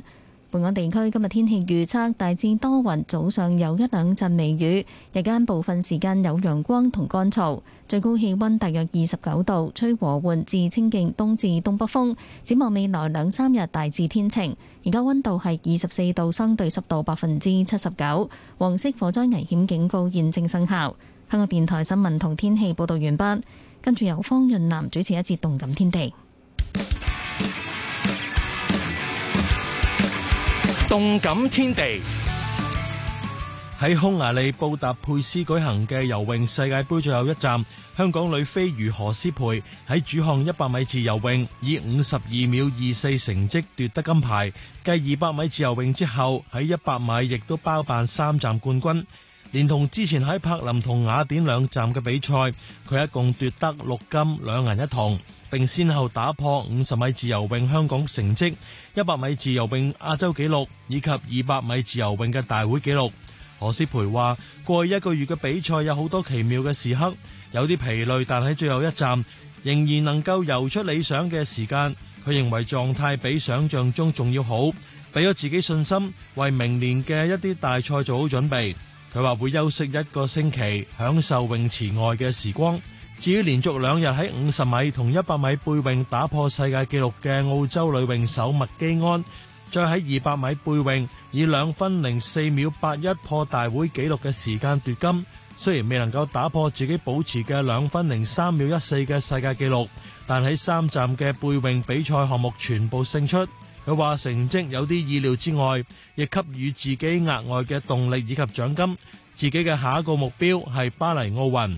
本港地區今日天氣預測，大致多雲，早上有一兩陣微雨，日間部分時間有陽光同乾燥，最高氣溫大約二十九度，吹和緩至清勁東至東北風。展望未來兩三日大致天晴，而家溫度係二十四度，相對濕度百分之七十九，黃色火災危險警告現正生效。香港電台新聞同天氣報道完畢，跟住由方潤南主持一節《動感天地》。動感天地，喺匈牙利布達佩斯舉行嘅游泳世界杯最後一站，香港女飛魚何詩蓓喺主項一百米自由泳以五十二秒二四成績奪得金牌。繼二百米自由泳之後，喺一百米亦都包辦三站冠軍。連同之前喺柏林同雅典兩站嘅比賽，佢一共奪得六金兩銀一銅，並先後打破五十米自由泳香港成績、一百米自由泳亞洲紀錄以及二百米自由泳嘅大會紀錄。何詩蓓話：過去一個月嘅比賽有好多奇妙嘅時刻，有啲疲累，但喺最後一站仍然能夠游出理想嘅時間。佢認為狀態比想象中仲要好，俾咗自己信心，為明年嘅一啲大賽做好準備。佢話會休息一個星期，享受泳池外嘅時光。至於連續兩日喺五十米同一百米背泳打破世界紀錄嘅澳洲女泳手麥基安，再喺二百米背泳以兩分零四秒八一破大會紀錄嘅時間奪金。雖然未能夠打破自己保持嘅兩分零三秒一四嘅世界紀錄，但喺三站嘅背泳比賽項目全部勝出。佢話成績有啲意料之外，亦給予自己額外嘅動力以及獎金。自己嘅下一個目標係巴黎奧運。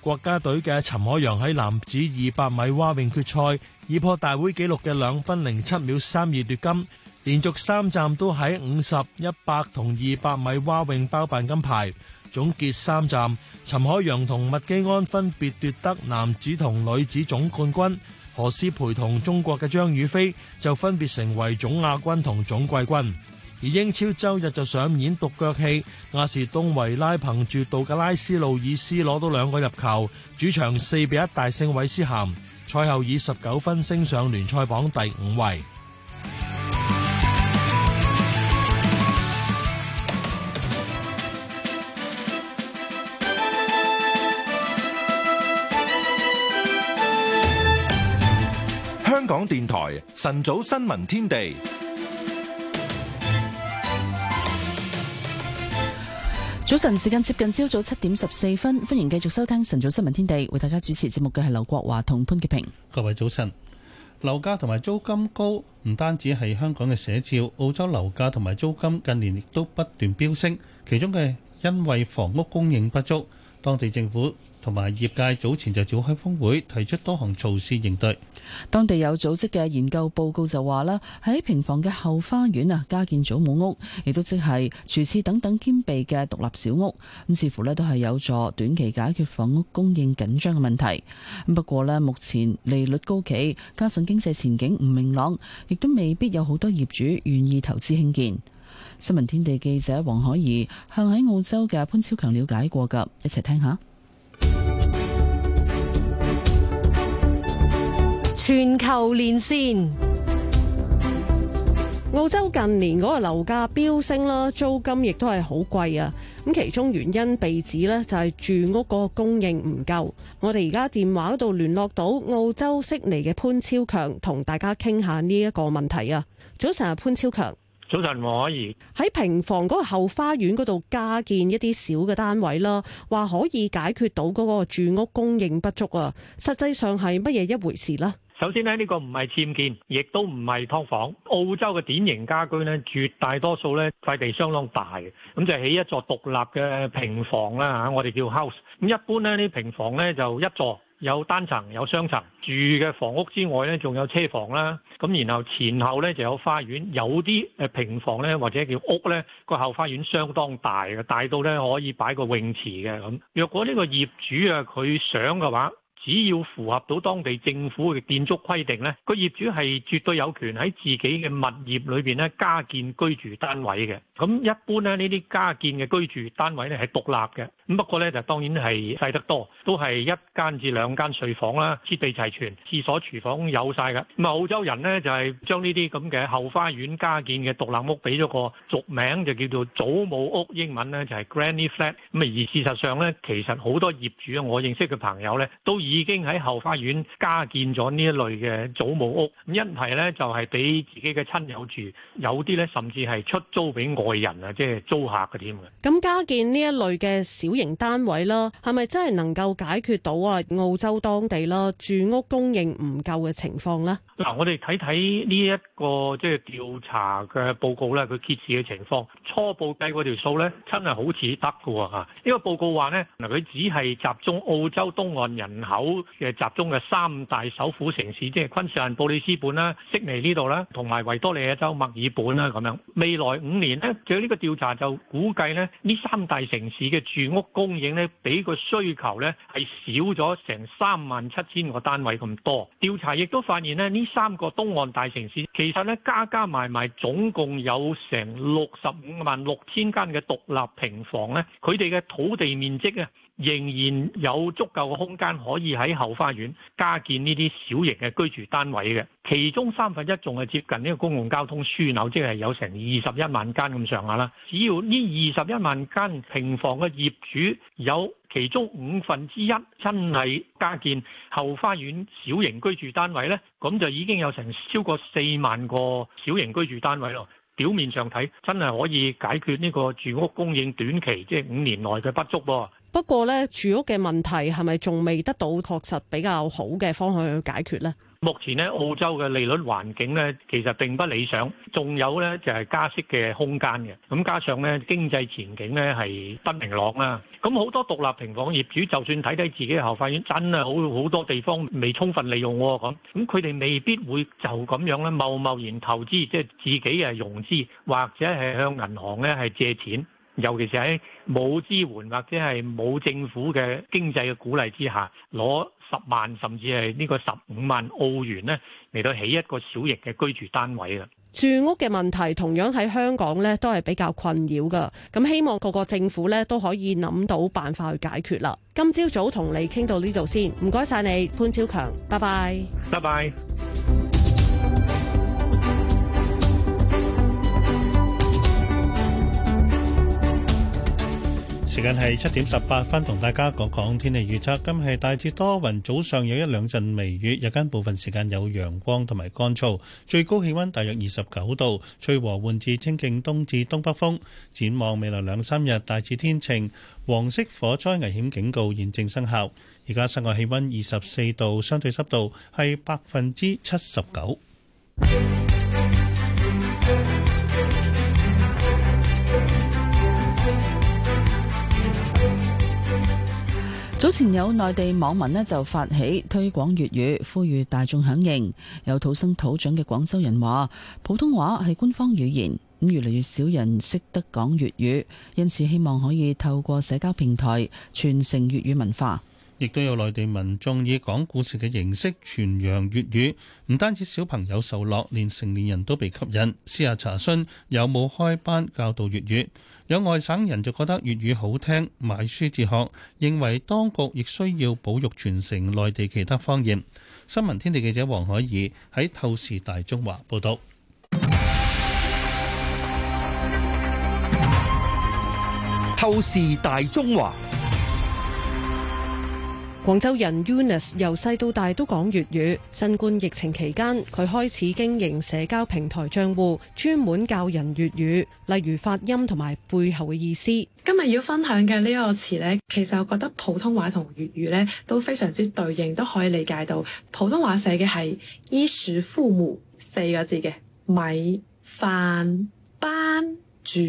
國家隊嘅陳海洋喺男子二百米蛙泳決賽以破大會紀錄嘅兩分零七秒三二奪金，連續三站都喺五十一百同二百米蛙泳包辦金牌。總結三站，陳海洋同麥基安分別奪得男子同女子總冠軍。何斯蓓同中國嘅張雨霏就分別成為總亞軍同總冠軍，而英超周日就上演獨腳戲，阿士東維拉憑住杜格拉斯路爾斯攞到兩個入球，主場四比一大勝韋斯咸，賽後以十九分升上聯賽榜第五位。港電台晨早新聞天地，早晨時間接近朝早七點十四分，歡迎繼續收聽晨早新聞天地，為大家主持節目嘅係劉國華同潘潔平。各位早晨，樓價同埋租金高，唔單止係香港嘅寫照，澳洲樓價同埋租金近年亦都不斷飆升，其中嘅因為房屋供應不足。當地政府同埋業界早前就召開峰會，提出多項措施應對。當地有組織嘅研究報告就話啦，喺平房嘅後花園啊，加建祖母屋，亦都即係廚廁等等兼備嘅獨立小屋。咁似乎咧都係有助短期解決房屋供應緊張嘅問題。不過咧，目前利率高企，加上經濟前景唔明朗，亦都未必有好多業主願意投資興建。新聞天地記者王海怡向喺澳洲嘅潘超強了解過噶，一齊聽下。全球連線，澳洲近年嗰個樓價飆升啦，租金亦都係好貴啊。咁其中原因被指呢，就係住屋嗰個供應唔夠。我哋而家電話度聯絡到澳洲悉尼嘅潘超強，同大家傾下呢一個問題啊。早晨，潘超強。早晨，可以喺平房嗰個後花園嗰度加建一啲小嘅單位啦，話可以解決到嗰個住屋供應不足啊。實際上係乜嘢一回事咧？首先咧，呢、呢個唔係僭建，亦都唔係劏房。澳洲嘅典型家居咧，絕大多數咧，塊地相當大嘅，咁就起、係、一座獨立嘅平房啦。吓，我哋叫 house。咁一般咧，呢平房咧就一座。有單層、有雙層住嘅房屋之外呢，仲有車房啦，咁然後前後呢就有花園，有啲誒平房呢，或者叫屋呢個後花園相當大嘅，大到呢可以擺個泳池嘅咁。若果呢個業主啊佢想嘅話，只要符合到當地政府嘅建築規定咧，個業主係絕對有權喺自己嘅物業裏邊咧加建居住單位嘅。咁一般咧呢啲加建嘅居住單位咧係獨立嘅，咁不過咧就當然係細得多，都係一間至兩間睡房啦，設備齊全，廁所廚房有晒㗎。咁啊澳洲人咧就係將呢啲咁嘅後花園加建嘅獨立屋俾咗個俗名，就叫做祖母屋，英文咧就係 Granny Flat。咁啊而事實上咧，其實好多業主啊，我認識嘅朋友咧都已經喺後花園加建咗呢一類嘅祖母屋，一係咧就係俾自己嘅親友住，有啲咧甚至係出租俾外人啊，即係租客嘅添嘅。咁加建呢一類嘅小型單位啦，係咪真係能夠解決到啊澳洲當地啦住屋供應唔夠嘅情況咧？嗱，我哋睇睇呢一個即係調查嘅報告咧，佢揭示嘅情況初步計過條數咧，真係好似得㗎吓。呢個報告話咧，嗱佢只係集中澳洲東岸人口。有嘅集中嘅三大首府城市，即係昆士蘭布里斯本啦、悉尼呢度啦，同埋維多利亞州墨爾本啦咁樣。未來五年咧，據呢個調查就估計咧，呢三大城市嘅住屋供應咧，比個需求咧係少咗成三萬七千個單位咁多。調查亦都發現咧，呢三個東岸大城市其實咧加加埋埋總共有成六十五萬六千間嘅獨立平房咧，佢哋嘅土地面積啊。仍然有足夠嘅空間可以喺後花園加建呢啲小型嘅居住單位嘅，其中三分一仲係接近呢個公共交通樞紐，即係有成二十一萬間咁上下啦。只要呢二十一萬間平房嘅業主有其中五分之一真係加建後花園小型居住單位咧，咁就已經有成超過四萬個小型居住單位咯。表面上睇，真係可以解決呢個住屋供應短期即係五年內嘅不足。不過咧，住屋嘅問題，係咪仲未得到確實比較好嘅方向去解決咧？目前咧澳洲嘅利率環境咧，其實並不理想，仲有咧就係加息嘅空間嘅。咁加上咧經濟前景咧係不明朗啦。咁好多獨立平房業主，就算睇睇自己嘅後花園，真係好好多地方未充分利用喎。咁咁佢哋未必會就咁樣咧，貿貿然投資，即係自己嘅融資或者係向銀行咧係借錢。尤其是喺冇支援或者係冇政府嘅經濟嘅鼓勵之下，攞十萬甚至係呢個十五萬澳元咧嚟到起一個小型嘅居住單位啦。住屋嘅問題同樣喺香港咧都係比較困擾噶，咁希望各個政府咧都可以諗到辦法去解決啦。今朝早同你傾到呢度先，唔該晒，你潘超強，拜拜，拜拜。時間係七點十八分，同大家講講天氣預測。今日係大致多雲，早上有一兩陣微雨，日間部分時間有陽光同埋乾燥，最高氣温大約二十九度，吹和緩至清勁東至東北風。展望未來兩三日大致天晴，黃色火災危險警告現正生效。而家室外氣温二十四度，相對濕度係百分之七十九。早前有內地網民呢，就發起推廣粵語，呼籲大眾響應。有土生土長嘅廣州人話：普通話係官方語言，越嚟越少人識得講粵語，因此希望可以透過社交平台傳承粵語文化。亦都有內地民眾以講故事嘅形式傳揚粵語，唔單止小朋友受落，連成年人都被吸引。私下查詢有冇開班教導粵語。有外省人就覺得粵語好聽，買書自學，認為當局亦需要保育傳承內地其他方言。新聞天地記者黃海怡喺《透視大中華》報導，《透視大中華》。廣州人 Unis 由細到大都講粵語。新冠疫情期間，佢開始經營社交平台賬戶，專門教人粵語，例如發音同埋背後嘅意思。今日要分享嘅呢個詞呢，其實我覺得普通話同粵語呢都非常之對應，都可以理解到普通話寫嘅係衣食父母四個字嘅米飯班主。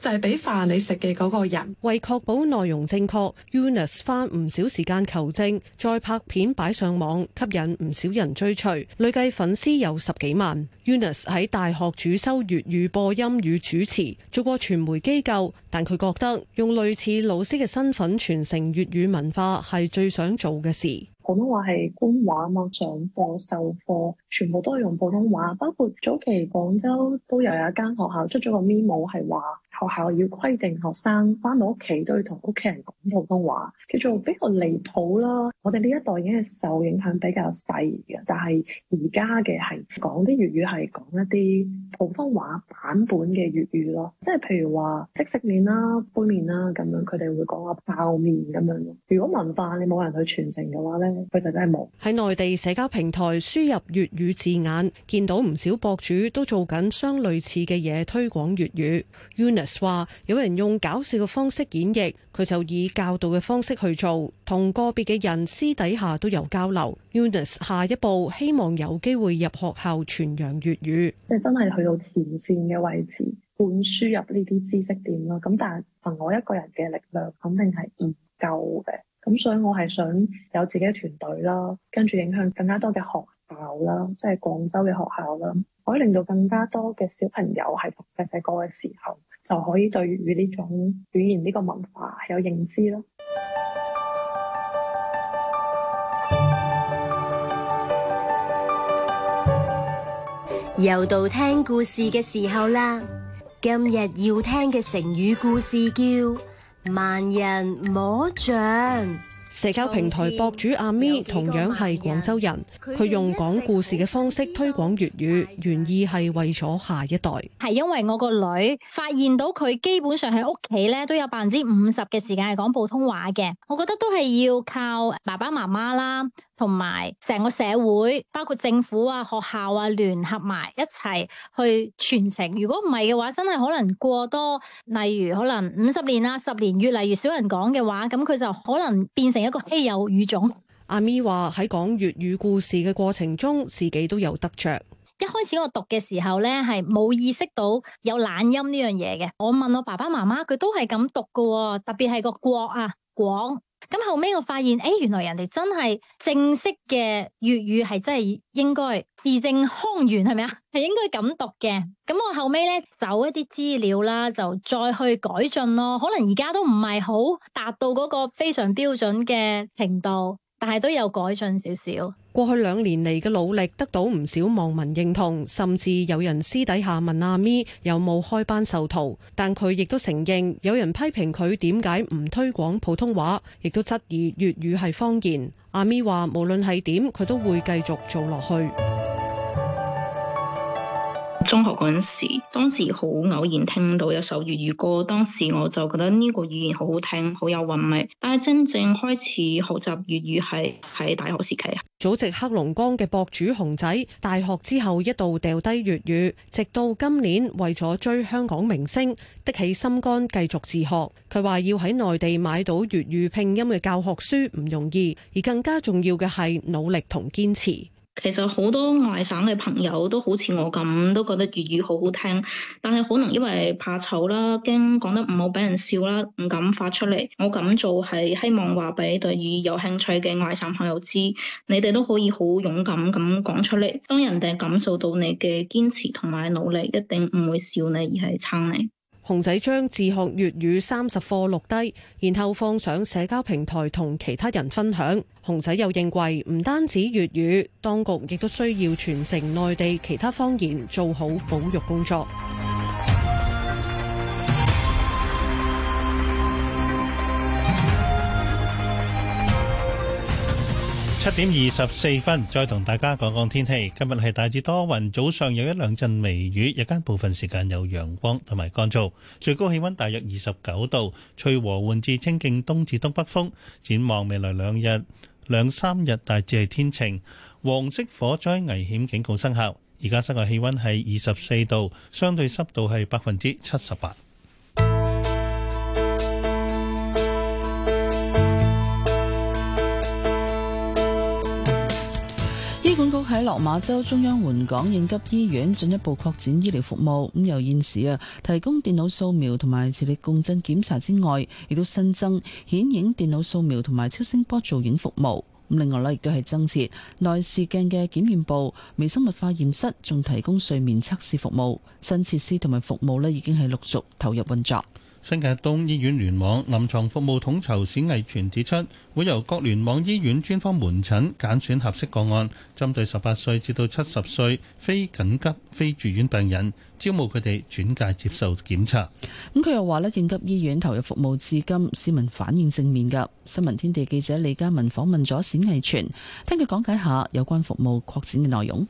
就係俾飯你食嘅嗰個人。為確保內容正確，Yunus 花唔少時間求證，再拍片擺上網，吸引唔少人追隨，累計粉絲有十幾萬。Yunus 喺大學主修粵語播音與主持，做過傳媒機構，但佢覺得用類似老師嘅身份傳承粵語文化係最想做嘅事。普通話係官話啊嘛，上課授課全部都係用普通話，包括早期廣州都有有一間學校出咗個 memo 係話，學校要規定學生翻到屋企都要同屋企人講普通話，叫做比較離譜啦。我哋呢一代已經係受影響比較細嘅，但係而家嘅係講啲粵語係講一啲普通話版本嘅粵語咯，即係譬如話即食麵啦、杯麵啦咁樣，佢哋會講下泡麵咁樣。如果文化你冇人去傳承嘅話呢，佢就真係冇。喺內地社交平台輸入粵語字眼，見到唔少博主都做緊相類似嘅嘢，推廣粵語。話有人用搞笑嘅方式演繹，佢就以教導嘅方式去做，同個別嘅人私底下都有交流。Eunice 下一步希望有機會入學校傳揚粵語，即係真係去到前線嘅位置，灌輸入呢啲知識點啦。咁但憑我一個人嘅力量肯定係唔夠嘅，咁所以我係想有自己嘅團隊啦，跟住影響更加多嘅學校啦，即係廣州嘅學校啦，可以令到更加多嘅小朋友係讀細細個嘅時候。就可以對粵語呢種語言呢個文化有認知啦。又到聽故事嘅時候啦，今日要聽嘅成語故事叫《盲人摸象》。社交平台博主阿咪同樣係廣州人，佢用講故事嘅方式推廣粵語，原意係為咗下一代。係因為我個女發現到佢基本上喺屋企咧都有百分之五十嘅時間係講普通話嘅，我覺得都係要靠爸爸媽媽啦。同埋成個社會，包括政府啊、學校啊，聯合埋一齊去傳承。如果唔係嘅話，真係可能過多，例如可能五十年啊、十年，越嚟越少人講嘅話，咁佢就可能變成一個稀有語種。阿咪話喺講粵語故事嘅過程中，自己都有得着。一開始我讀嘅時候呢，係冇意識到有懶音呢樣嘢嘅。我問我爸爸媽媽，佢都係咁讀㗎喎，特別係個國啊、廣。咁後尾我發現，誒、欸，原來人哋真係正式嘅粵語係真係應該字正腔圓，係咪啊？係應該咁讀嘅。咁我後尾咧，找一啲資料啦，就再去改進咯。可能而家都唔係好達到嗰個非常標準嘅程度，但係都有改進少少。過去兩年嚟嘅努力得到唔少網民認同，甚至有人私底下問阿咪有冇開班授徒，但佢亦都承認有人批評佢點解唔推廣普通話，亦都質疑粵語係方言。阿咪話無論係點，佢都會繼續做落去。中學嗰陣時，當時好偶然聽到一首粵語歌，當時我就覺得呢個語言好好聽，好有韻味。但係真正開始學習粵語係喺大學時期啊。祖籍黑龍江嘅博主熊仔，大學之後一度掉低粵語，直到今年為咗追香港明星，的起心肝繼續自學。佢話要喺內地買到粵語拼音嘅教學書唔容易，而更加重要嘅係努力同堅持。其實好多外省嘅朋友都好似我咁，都覺得粵語好好聽，但係可能因為怕醜啦，驚講得唔好俾人笑啦，唔敢發出嚟。我咁做係希望話俾對粵語有興趣嘅外省朋友知，你哋都可以好勇敢咁講出嚟，當人哋感受到你嘅堅持同埋努力，一定唔會笑你，而係撐你。熊仔將自學粵語三十課錄低，然後放上社交平台同其他人分享。熊仔又認為，唔單止粵語，當局亦都需要傳承內地其他方言，做好保育工作。七點二十四分，再同大家講講天氣。今日係大致多雲，早上有一兩陣微雨，日間部分時間有陽光同埋乾燥，最高氣溫大約二十九度，吹和緩至清勁東至東北風。展望未來兩日兩三日大致係天晴，黃色火災危險警告生效。而家室外氣溫係二十四度，相對濕度係百分之七十八。當局喺落馬洲中央援港應急醫院進一步擴展醫療服務，咁由現時啊提供電腦掃描同埋磁力共振檢查之外，亦都新增顯影電腦掃描同埋超聲波造影服務。咁另外呢亦都係增設內視鏡嘅檢驗部、微生物化驗室，仲提供睡眠測試服務。新設施同埋服務呢已經係陸續投入運作。新界東醫院聯網臨床服務統籌冼藝全指出，會由各聯網醫院專科門診揀選合適個案，針對十八歲至到七十歲非緊急非住院病人，招募佢哋轉介接受檢查。咁佢又話咧，應急醫院投入服務至今，市民反應正面。噶新聞天地記者李嘉文訪問咗冼藝全，聽佢講解下有關服務擴展嘅內容。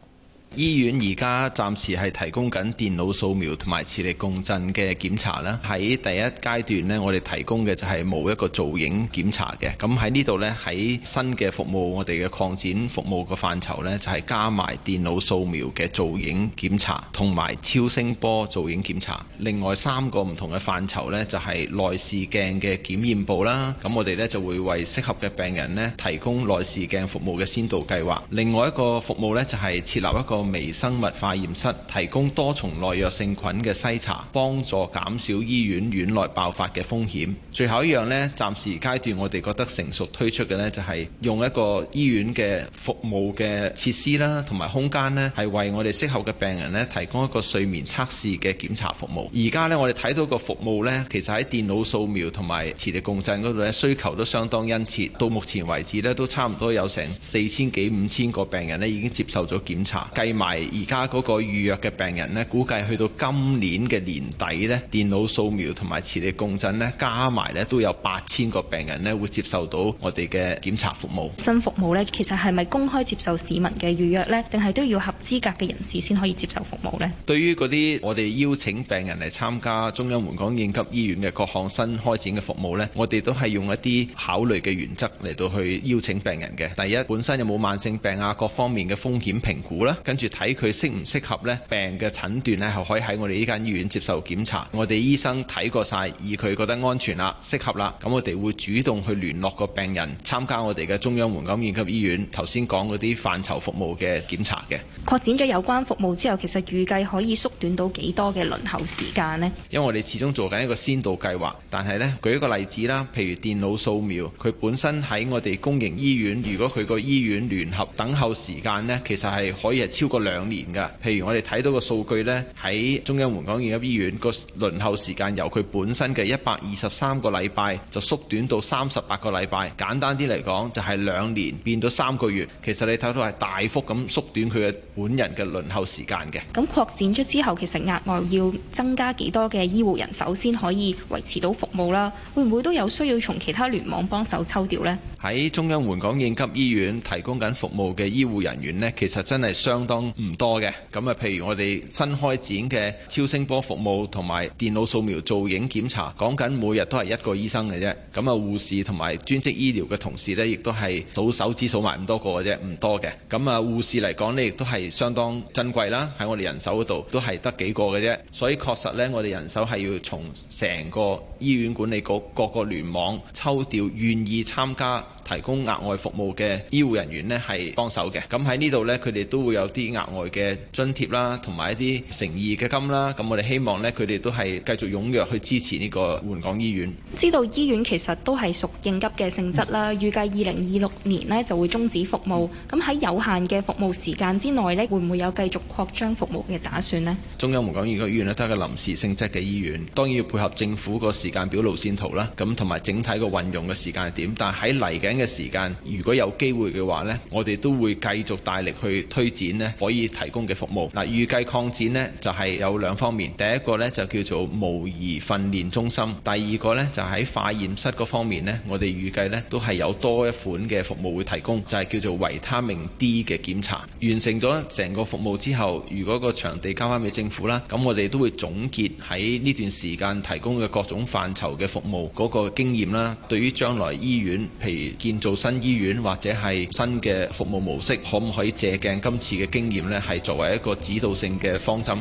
醫院而家暫時係提供緊電腦掃描同埋磁力共振嘅檢查啦。喺第一階段呢，我哋提供嘅就係冇一個造影檢查嘅。咁喺呢度呢，喺新嘅服務我哋嘅擴展服務嘅範疇呢，就係加埋電腦掃描嘅造影檢查同埋超聲波造影檢查。另外三個唔同嘅範疇呢，就係內視鏡嘅檢驗部啦。咁我哋呢，就會為適合嘅病人呢，提供內視鏡服務嘅先導計劃。另外一個服務呢，就係設立一個微生物化驗室提供多重耐藥性菌嘅篩查，幫助減少醫院院內爆發嘅風險。最後一樣呢，暫時階段我哋覺得成熟推出嘅呢，就係用一個醫院嘅服務嘅設施啦，同埋空間呢，係為我哋適合嘅病人呢，提供一個睡眠測試嘅檢查服務。而家呢，我哋睇到個服務呢，其實喺電腦掃描同埋磁力共振嗰度呢，需求都相當殷切。到目前為止呢，都差唔多有成四千幾五千個病人呢已經接受咗檢查。埋而家嗰個預約嘅病人咧，估計去到今年嘅年底咧，電腦掃描同埋磁力共振咧，加埋咧都有八千個病人咧會接受到我哋嘅檢查服務。新服務咧，其實，係咪公開接受市民嘅預約咧？定係都要合資格嘅人士先可以接受服務咧？對於嗰啲我哋邀請病人嚟參加中央援港應急醫院嘅各項新開展嘅服務咧，我哋都係用一啲考慮嘅原則嚟到去邀請病人嘅。第一，本身有冇慢性病啊？各方面嘅風險評估啦，跟住睇佢適唔適合咧，病嘅診斷咧係可以喺我哋呢間醫院接受檢查。我哋醫生睇過晒，而佢覺得安全啦，適合啦，咁我哋會主動去聯絡個病人參加我哋嘅中央門感應急醫院。頭先講嗰啲範疇服務嘅檢查嘅，擴展咗有關服務之後，其實預計可以縮短到幾多嘅輪候時間咧？因為我哋始終做緊一個先導計劃，但係咧，舉一個例子啦，譬如電腦掃描，佢本身喺我哋公營醫院，如果佢個醫院聯合等候時間咧，其實係可以係超。過兩年噶，譬如我哋睇到個數據咧，喺中央援港應急醫院個輪候時間由佢本身嘅一百二十三個禮拜就縮短到三十八個禮拜。簡單啲嚟講，就係兩年變咗三個月。其實你睇到係大幅咁縮短佢嘅本人嘅輪候時間嘅。咁擴展咗之後，其實額外要增加幾多嘅醫護人手，先可以維持到服務啦。會唔會都有需要從其他聯網幫手抽調咧？喺中央援港應急醫院提供緊服務嘅醫護人員咧，其實真係相當。唔多嘅。咁啊，譬如我哋新開展嘅超聲波服務同埋電腦掃描造影檢查，講緊每日都係一個醫生嘅啫。咁啊，護士同埋專職醫療嘅同事呢，亦都係數手指數埋咁多個嘅啫，唔多嘅。咁啊，護士嚟講呢，亦都係相當珍貴啦，喺我哋人手嗰度都係得幾個嘅啫。所以確實呢，我哋人手係要從成個醫院管理局各個聯網抽調願意參加提供額外服務嘅醫護人員呢係幫手嘅，咁喺呢度呢，佢哋都會有啲額外嘅津貼啦，同埋一啲誠意嘅金啦。咁我哋希望呢，佢哋都係繼續踴躍去支持呢個援港醫院。知道醫院其實都係屬應急嘅性質啦，預計二零二六年呢就會終止服務。咁喺有限嘅服務時間之內呢，會唔會有繼續擴張服務嘅打算呢？中央援港醫護醫院呢，都係個臨時性質嘅醫院，當然要配合政府個時間表、路線圖啦。咁同埋整體個運用嘅時間係點，但係喺嚟緊嘅時間，如果有機會嘅話呢，我哋都會繼續大力去推展呢可以提供嘅服務。嗱，預計擴展呢就係有兩方面，第一個呢，就叫做模擬訓練中心，第二個呢，就喺化驗室嗰方面呢，我哋預計呢，都係有多一款嘅服務會提供，就係叫做維他命 D 嘅檢查。完成咗成個服務之後，如果個場地交翻俾政府啦，咁我哋都會總結喺呢段時間提供嘅各種範疇嘅服務嗰個經驗啦。對於將來醫院，譬如建造新醫院或者係新嘅服務模式，可唔可以借鏡今次嘅經驗呢？係作為一個指導性嘅方針。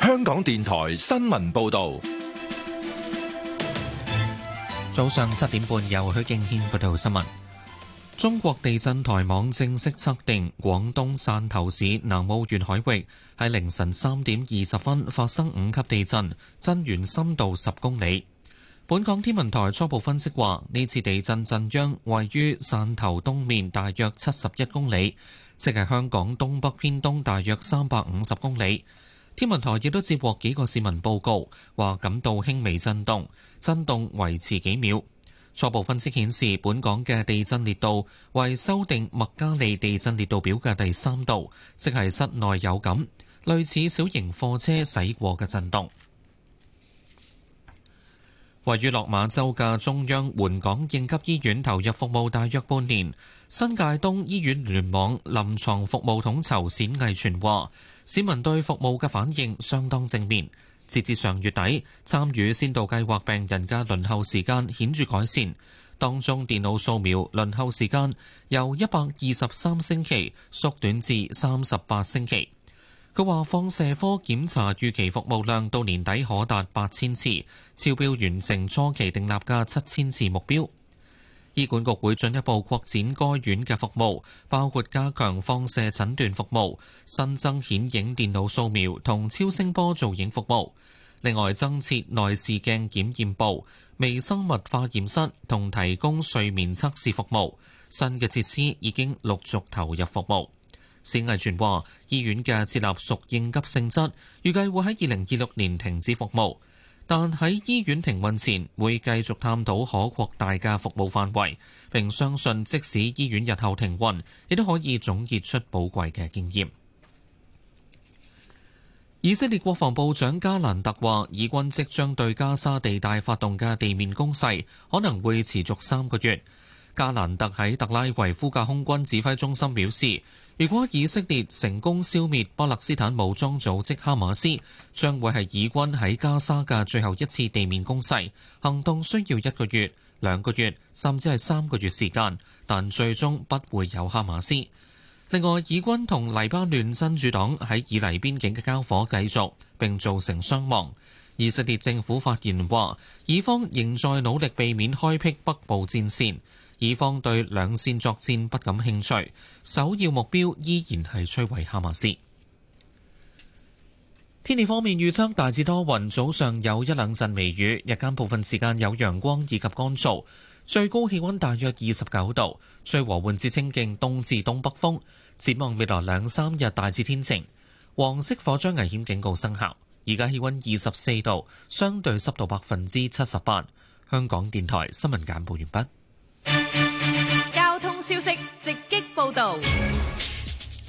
香港電台新聞報導。早上七點半有去，由許敬軒報道新聞。中國地震台網正式測定，廣東汕頭市南澳縣海域喺凌晨三點二十分發生五級地震，震源深度十公里。本港天文台初步分析話，呢次地震震央位於汕頭東面，大約七十一公里，即係香港東北偏東大約三百五十公里。天文台亦都接獲幾個市民報告，話感到輕微震動，震動維持幾秒。初步分析顯示，本港嘅地震烈度為修訂麥加利地震烈度表嘅第三度，即係室內有感，類似小型貨車駛過嘅震動。位於落馬洲嘅中央援港應急醫院投入服務大約半年，新界東醫院聯網臨床服務統籌冼藝傳話。市民對服務嘅反應相當正面。截至上月底，參與先導計劃病人嘅輪候時間顯著改善，當中電腦掃描輪候時間由一百二十三星期縮短至三十八星期。佢話放射科檢查預期服務量到年底可達八千次，超標完成初期訂立嘅七千次目標。醫管局會進一步擴展該院嘅服務，包括加強放射診斷服務、新增顯影電腦掃描同超聲波造影服務，另外增設內視鏡檢驗部、微生物化驗室同提供睡眠測試服務。新嘅設施已經陸續投入服務。史毅全話，醫院嘅設立屬應急性質，預計會喺二零二六年停止服務。但喺醫院停運前，會繼續探討可擴大嘅服務範圍。並相信，即使醫院日後停運，亦都可以總結出寶貴嘅經驗。以色列國防部長加蘭特話，以軍即將對加沙地帶發動嘅地面攻勢可能會持續三個月。加蘭特喺特拉維夫架空軍指揮中心表示：如果以色列成功消滅巴勒斯坦武裝組織哈馬斯，將會係以軍喺加沙嘅最後一次地面攻勢行動，需要一個月，兩個月，甚至係三個月時間，但最終不會有哈馬斯。另外，以軍同黎巴嫩真主黨喺以黎邊境嘅交火繼續，並造成傷亡。以色列政府發言話，以方仍在努力避免開闢北部戰線。以方對兩線作戰不感興趣，首要目標依然係摧毀哈馬斯。天氣方面，預測大致多雲，早上有一兩陣微雨，日間部分時間有陽光以及乾燥，最高氣溫大約二十九度，吹和緩至清勁，東至東北風。展望未來兩三日，大致天晴。黃色火災危險警告生效。而家氣溫二十四度，相對濕度百分之七十八。香港電台新聞簡報完畢。交通消息直擊報道。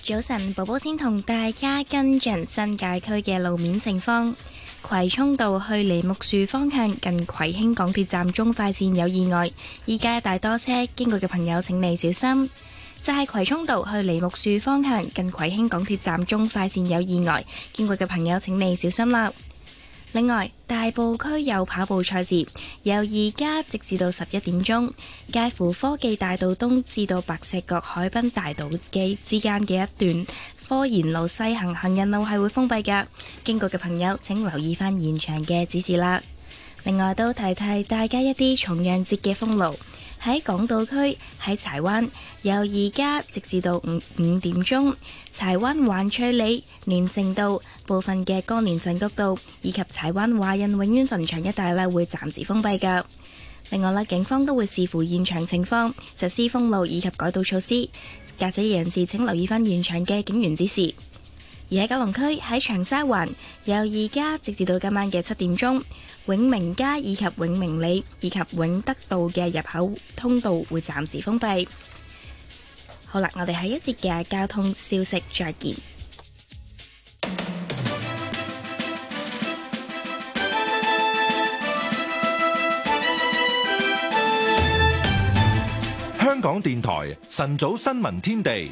早晨，寶寶先同大家跟進新界區嘅路面情況。葵涌道去梨木樹方向近葵興港鐵站中快線有意外，依家大多車經過嘅朋友，請你小心。就係葵涌道去梨木樹方向近葵興港鐵站中快線有意外，經過嘅朋友，請你小心啦。另外，大埔區有跑步賽事，由而家直至到十一點鐘，介乎科技大道東至到白石角海濱大道基之間嘅一段科研路西行行人路係會封閉㗎，經過嘅朋友請留意返現場嘅指示啦。另外，都提提大家一啲重陽節嘅封路。喺港島區，喺柴灣由而家直至到五五點鐘，柴灣環翠里、連城道部分嘅歌連臣角道以及柴灣華人永遠墳場一帶咧會暫時封閉噶。另外咧，警方都會視乎現場情況實施封路以及改道措施。駕駛人士請留意返現場嘅警員指示。而喺九龍區喺長沙灣由而家直至到今晚嘅七點鐘，永明街以及永明里以及永德道嘅入口通道會暫時封閉。好啦，我哋下一節嘅交通消息再見。香港電台晨早新聞天地。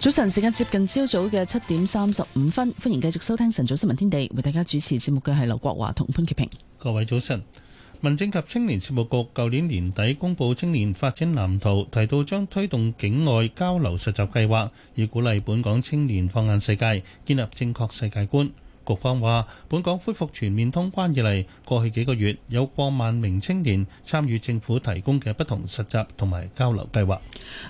早晨，時間接近朝早嘅七點三十五分，歡迎繼續收聽晨早新聞天地。為大家主持節目嘅係劉國華同潘潔平。各位早晨，民政及青年事務局舊年年底公布青年發展藍圖，提到將推動境外交流實習計劃，以鼓勵本港青年放眼世界，建立正確世界觀。局方話：本港恢復全面通關以嚟，過去幾個月有過萬名青年參與政府提供嘅不同實習同埋交流計劃。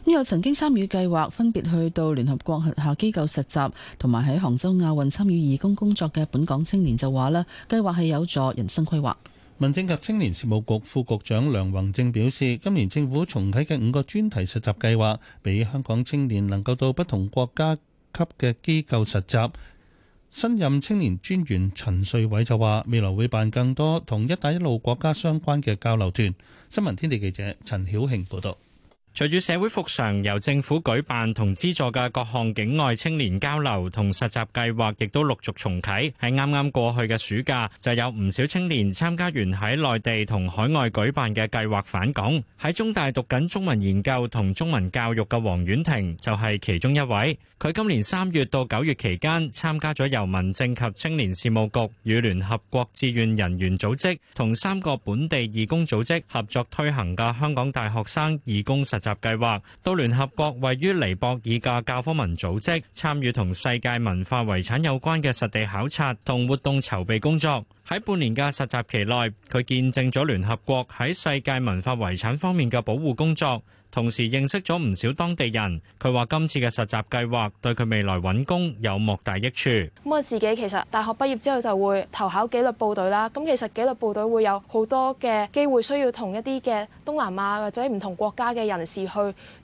咁又曾經參與計劃，分別去到聯合國轄下機構實習，同埋喺杭州亞運參與義工工作嘅本港青年就話啦，計劃係有助人生規劃。民政及青年事務局副局長梁宏正表示，今年政府重啟嘅五個專題實習計劃，俾香港青年能夠到不同國家級嘅機構實習。新任青年專員陳瑞偉就話：未來會辦更多同“一帶一路”國家相關嘅交流團。新聞天地記者陳曉慶報道。隨住社會復常，由政府舉辦同資助嘅各項境外青年交流同實習計劃，亦都陸續重啟。喺啱啱過去嘅暑假，就有唔少青年參加完喺內地同海外舉辦嘅計劃返港。喺中大讀緊中文研究同中文教育嘅黃婉婷，就係其中一位。佢今年三月到九月期間，參加咗由民政及青年事務局與聯合國志願人員組織同三個本地義工組織合作推行嘅香港大學生義工實習。計劃到聯合國位於尼泊爾嘅教科文組織，參與同世界文化遺產有關嘅實地考察同活動籌備工作。喺半年嘅實習期內，佢見證咗聯合國喺世界文化遺產方面嘅保護工作。同時認識咗唔少當地人，佢話今次嘅實習計劃對佢未來揾工有莫大益處。咁我自己其實大學畢業之後就會投考紀律部隊啦，咁其實紀律部隊會有好多嘅機會需要同一啲嘅東南亞或者唔同國家嘅人士去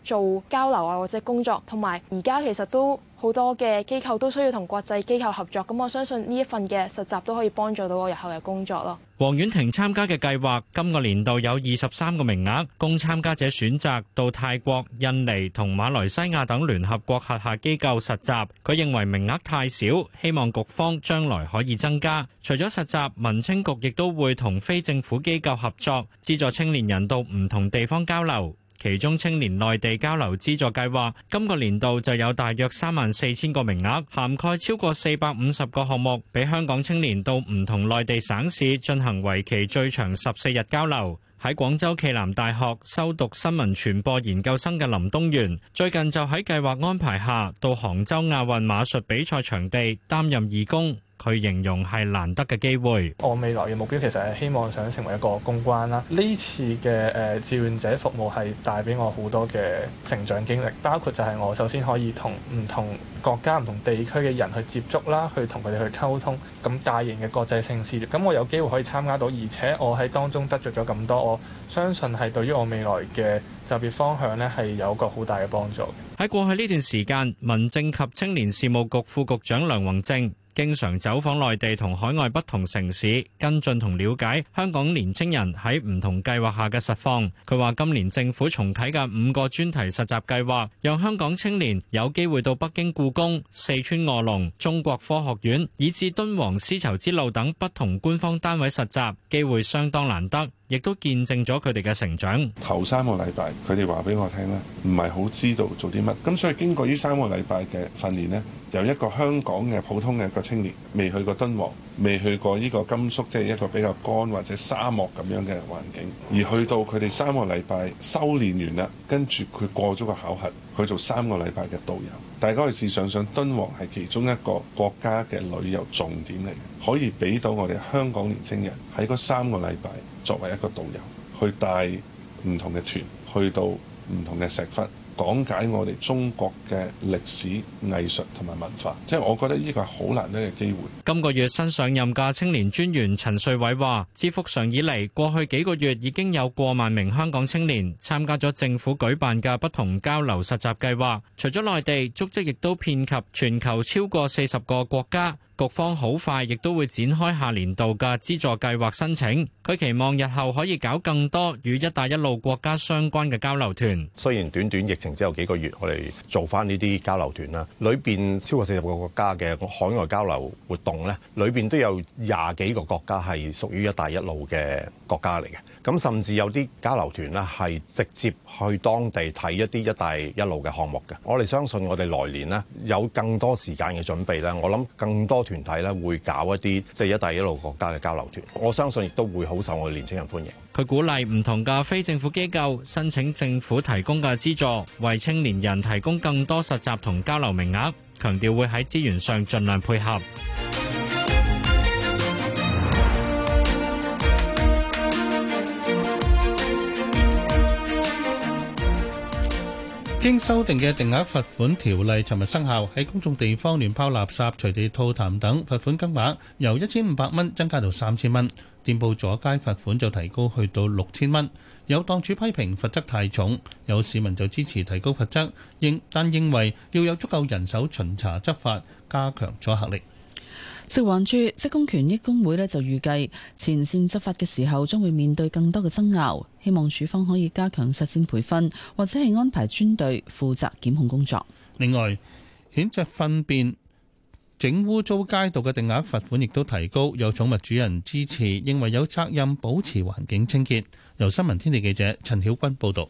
做交流啊，或者工作，同埋而家其實都好多嘅機構都需要同國際機構合作，咁我相信呢一份嘅實習都可以幫助到我日後嘅工作咯。黃婉婷參加嘅計劃今個年度有二十三個名額，供參加者選擇到泰國、印尼同馬來西亞等聯合國轄下機構實習。佢認為名額太少，希望局方將來可以增加。除咗實習，民青局亦都會同非政府機構合作，資助青年人到唔同地方交流。其中青年內地交流資助計劃今個年度就有大約三萬四千個名額，涵蓋超過四百五十個項目，俾香港青年到唔同內地省市進行為期最長十四日交流。喺廣州暨南大學修讀新聞傳播研究生嘅林東元，最近就喺計劃安排下到杭州亞運馬術比賽場地擔任義工。佢形容係難得嘅機會。我未來嘅目標其實係希望想成為一個公關啦。呢次嘅誒志願者服務係帶俾我好多嘅成長經歷，包括就係我首先可以同唔同國家、唔同地區嘅人去接觸啦，去同佢哋去溝通。咁大型嘅國際性事業，咁我有機會可以參加到，而且我喺當中得着咗咁多，我相信係對於我未來嘅職業方向呢係有個好大嘅幫助。喺過去呢段時間，民政及青年事務局副局長梁宏正，經常走訪內地同海外不同城市，跟進同了解香港年青人喺唔同計劃下嘅實況。佢話：今年政府重啟嘅五個專題實習計劃，讓香港青年有機會到北京故宮、四川卧龍、中國科學院以至敦煌絲綢之路等不同官方單位實習，機會相當難得。亦都見證咗佢哋嘅成長。頭三個禮拜，佢哋話俾我聽咧，唔係好知道做啲乜。咁所以經過呢三個禮拜嘅訓練咧，由一個香港嘅普通嘅一個青年，未去過敦煌，未去過呢個甘肅，即係一個比較乾或者沙漠咁樣嘅環境，而去到佢哋三個禮拜修煉完啦，跟住佢過咗個考核去做三個禮拜嘅導遊。大家可以試想想，敦煌係其中一個國家嘅旅遊重點嚟嘅，可以俾到我哋香港年青人喺嗰三個禮拜。作為一個導遊去帶唔同嘅團去到唔同嘅石窟，講解我哋中國嘅歷史、藝術同埋文化，即係我覺得呢個係好難得嘅機會。今個月新上任嘅青年專員陳瑞偉話自復常以嚟，過去幾個月已經有過萬名香港青年參加咗政府舉辦嘅不同交流實習計劃，除咗內地，足跡亦都遍及全球超過四十個國家。局方好快，亦都會展開下年度嘅資助計劃申請。佢期望日後可以搞更多與「一帶一路」國家相關嘅交流團。雖然短短疫情之後幾個月，我哋做翻呢啲交流團啦，裏邊超過四十個國家嘅海外交流活動咧，裏邊都有廿幾個國家係屬於「一帶一路」嘅國家嚟嘅。咁甚至有啲交流團咧，係直接去當地睇一啲一帶一路嘅項目嘅。我哋相信我哋來年咧有更多時間嘅準備啦，我諗更多團體咧會搞一啲即係一帶一路國家嘅交流團，我相信亦都會好受我哋年輕人歡迎。佢鼓勵唔同嘅非政府機構申請政府提供嘅資助，為青年人提供更多實習同交流名額，強調會喺資源上盡量配合。經修訂嘅定額罰款條例，尋日生效，喺公眾地方亂拋垃圾、隨地吐痰等罰款金額由一千五百蚊增加到三千蚊，店鋪阻街罰款就提高去到六千蚊。有檔主批評罰則太重，有市民就支持提高罰則，認但認為要有足夠人手巡查執法，加強阻嚇力。食環署職工權益工會咧就預計前線執法嘅時候將會面對更多嘅爭拗，希望署方可以加強實踐培訓，或者係安排專隊負責檢控工作。另外，犬隻糞便整污糟街道嘅定額罰款亦都提高，有寵物主人支持認為有責任保持環境清潔。由新聞天地記者陳曉君報道。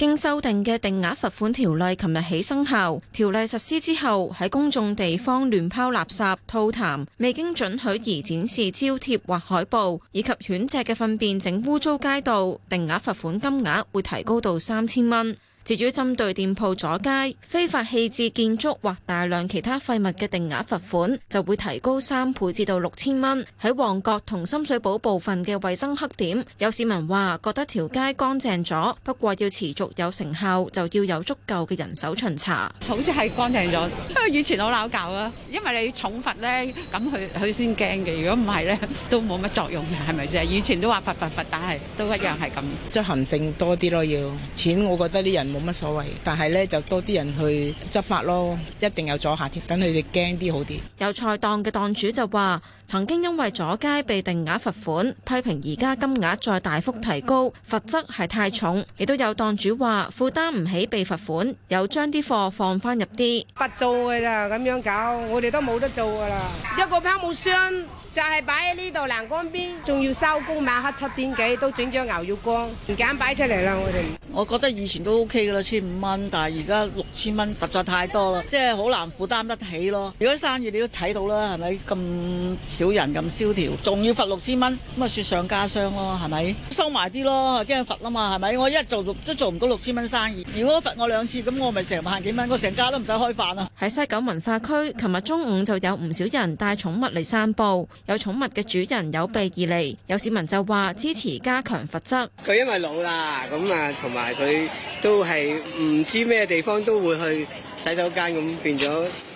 經修訂嘅定額罰款條例，琴日起生效。條例實施之後，喺公眾地方亂拋垃圾、吐痰、未經准許而展示招貼或海報，以及犬隻嘅糞便整污糟街道，定額罰款金額會提高到三千蚊。至於針對店鋪阻街、非法棄置建築或大量其他廢物嘅定額罰款，就會提高三倍至到六千蚊。喺旺角同深水埗部分嘅衞生黑點，有市民話覺得條街乾淨咗，不過要持續有成效，就要有足夠嘅人手巡查。好似係乾淨咗，以前好鬧交啊，因為你重罰咧，咁佢佢先驚嘅。如果唔係咧，都冇乜作用嘅，係咪先？以前都話罰罰罰，但係都一樣係咁。執 行性多啲咯，要錢，我覺得啲人冇乜所謂，但係咧就多啲人去執法咯，一定有阻嚇，等佢哋驚啲好啲。有菜檔嘅檔主就話：曾經因為阻街被定額罰款，批評而家金額再大幅提高，罰則係太重。亦都有檔主話負擔唔起被罰款，有將啲貨放翻入啲。不做㗎咋，咁樣搞，我哋都冇得做㗎啦。一個包冇箱。就係擺喺呢度欄杆邊，仲要收工，晚黑七點幾都整張牛肉乾唔敢擺出嚟啦，我哋。我覺得以前都 OK 噶啦，千五蚊，但係而家六千蚊實在太多啦，即係好難負擔得起咯。如果生意你都睇到啦，係咪咁少人咁蕭條，仲要罰六千蚊，咁啊雪上加霜咯，係咪收埋啲咯，驚罰啊嘛，係咪？我一日做都做唔到六千蚊生意，如果罰我兩次，咁我咪成萬幾蚊，我成家都唔使開飯啦。喺西九文化區，琴日中午就有唔少人帶寵物嚟散步。有寵物嘅主人有備而嚟，有市民就話支持加強罰則。佢因為老啦，咁啊，同埋佢都係唔知咩地方都會去。洗手間咁變咗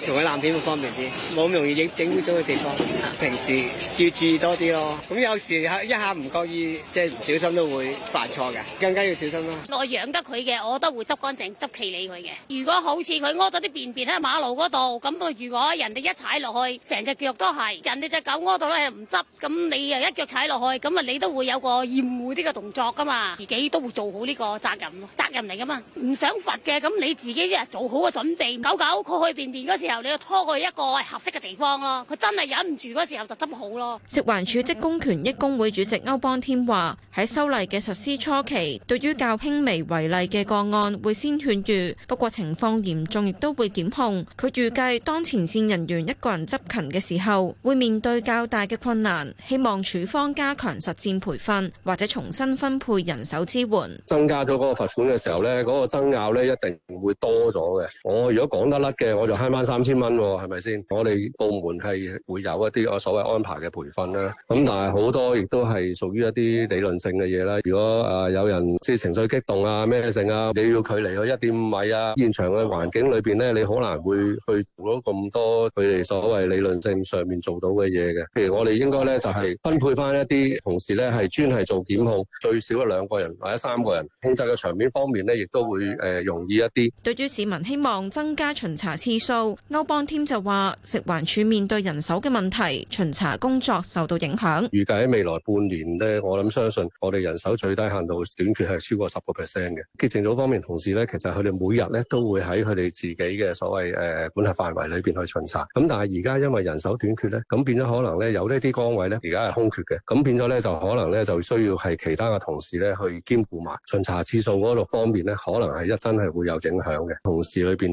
做個爛片會方便啲，冇咁容易影整污咗嘅地方。平時要注意多啲咯。咁、嗯、有時一下唔覺意，即係唔小心都會犯錯嘅，更加要小心咯。我養得佢嘅，我都會執乾淨、執企理佢嘅。如果好似佢屙咗啲便便喺馬路嗰度，咁啊，如果人哋一踩落去，成隻腳都係人哋隻狗屙到咧，唔執，咁你又一腳踩落去，咁啊你都會有個厭惡啲嘅動作噶嘛，自己都會做好呢個責任，責任嚟噶嘛。唔想罰嘅，咁你自己一日做好個準。狗狗佢去便便嗰時候，你就拖過一個合適嘅地方咯。佢真係忍唔住嗰時候就執好咯。食環署職工權益工會主席歐邦添話：喺修例嘅實施初期，對於較輕微違例嘅個案，會先勸喻；不過情況嚴重，亦都會檢控。佢預計當前線人員一個人執勤嘅時候，會面對較大嘅困難。希望署方加強實戰培訓，或者重新分配人手支援。增加咗嗰個罰款嘅時候咧，嗰個爭拗咧一定會多咗嘅。我如果講得甩嘅，我就慳翻三千蚊喎，係咪先？我哋部門係會有一啲我所謂安排嘅培訓啦。咁但係好多亦都係屬於一啲理論性嘅嘢啦。如果誒有人即係情緒激動啊、咩性啊，你要距離去一點五米啊，現場嘅環境裏邊咧，你好難會去做到咁多佢哋所謂理論性上面做到嘅嘢嘅。譬如我哋應該咧就係分配翻一啲同事咧係專係做檢控，最少兩個人或者三個人，控制嘅場面方面咧亦都會誒容易一啲。對於市民希望，增加巡查次數，歐邦添就話食環署面對人手嘅問題，巡查工作受到影響。預計喺未來半年咧，我諗相信我哋人手最低限度短缺係超過十個 percent 嘅。潔淨組方面同事呢，其實佢哋每日咧都會喺佢哋自己嘅所謂誒、呃、管轄範圍裏邊去巡查。咁但係而家因為人手短缺呢，咁變咗可能呢，有呢啲崗位呢，而家係空缺嘅，咁變咗呢，就可能呢，就需要係其他嘅同事呢去兼顧埋巡查次數嗰度方面呢，可能係一真係會有影響嘅。同事裏邊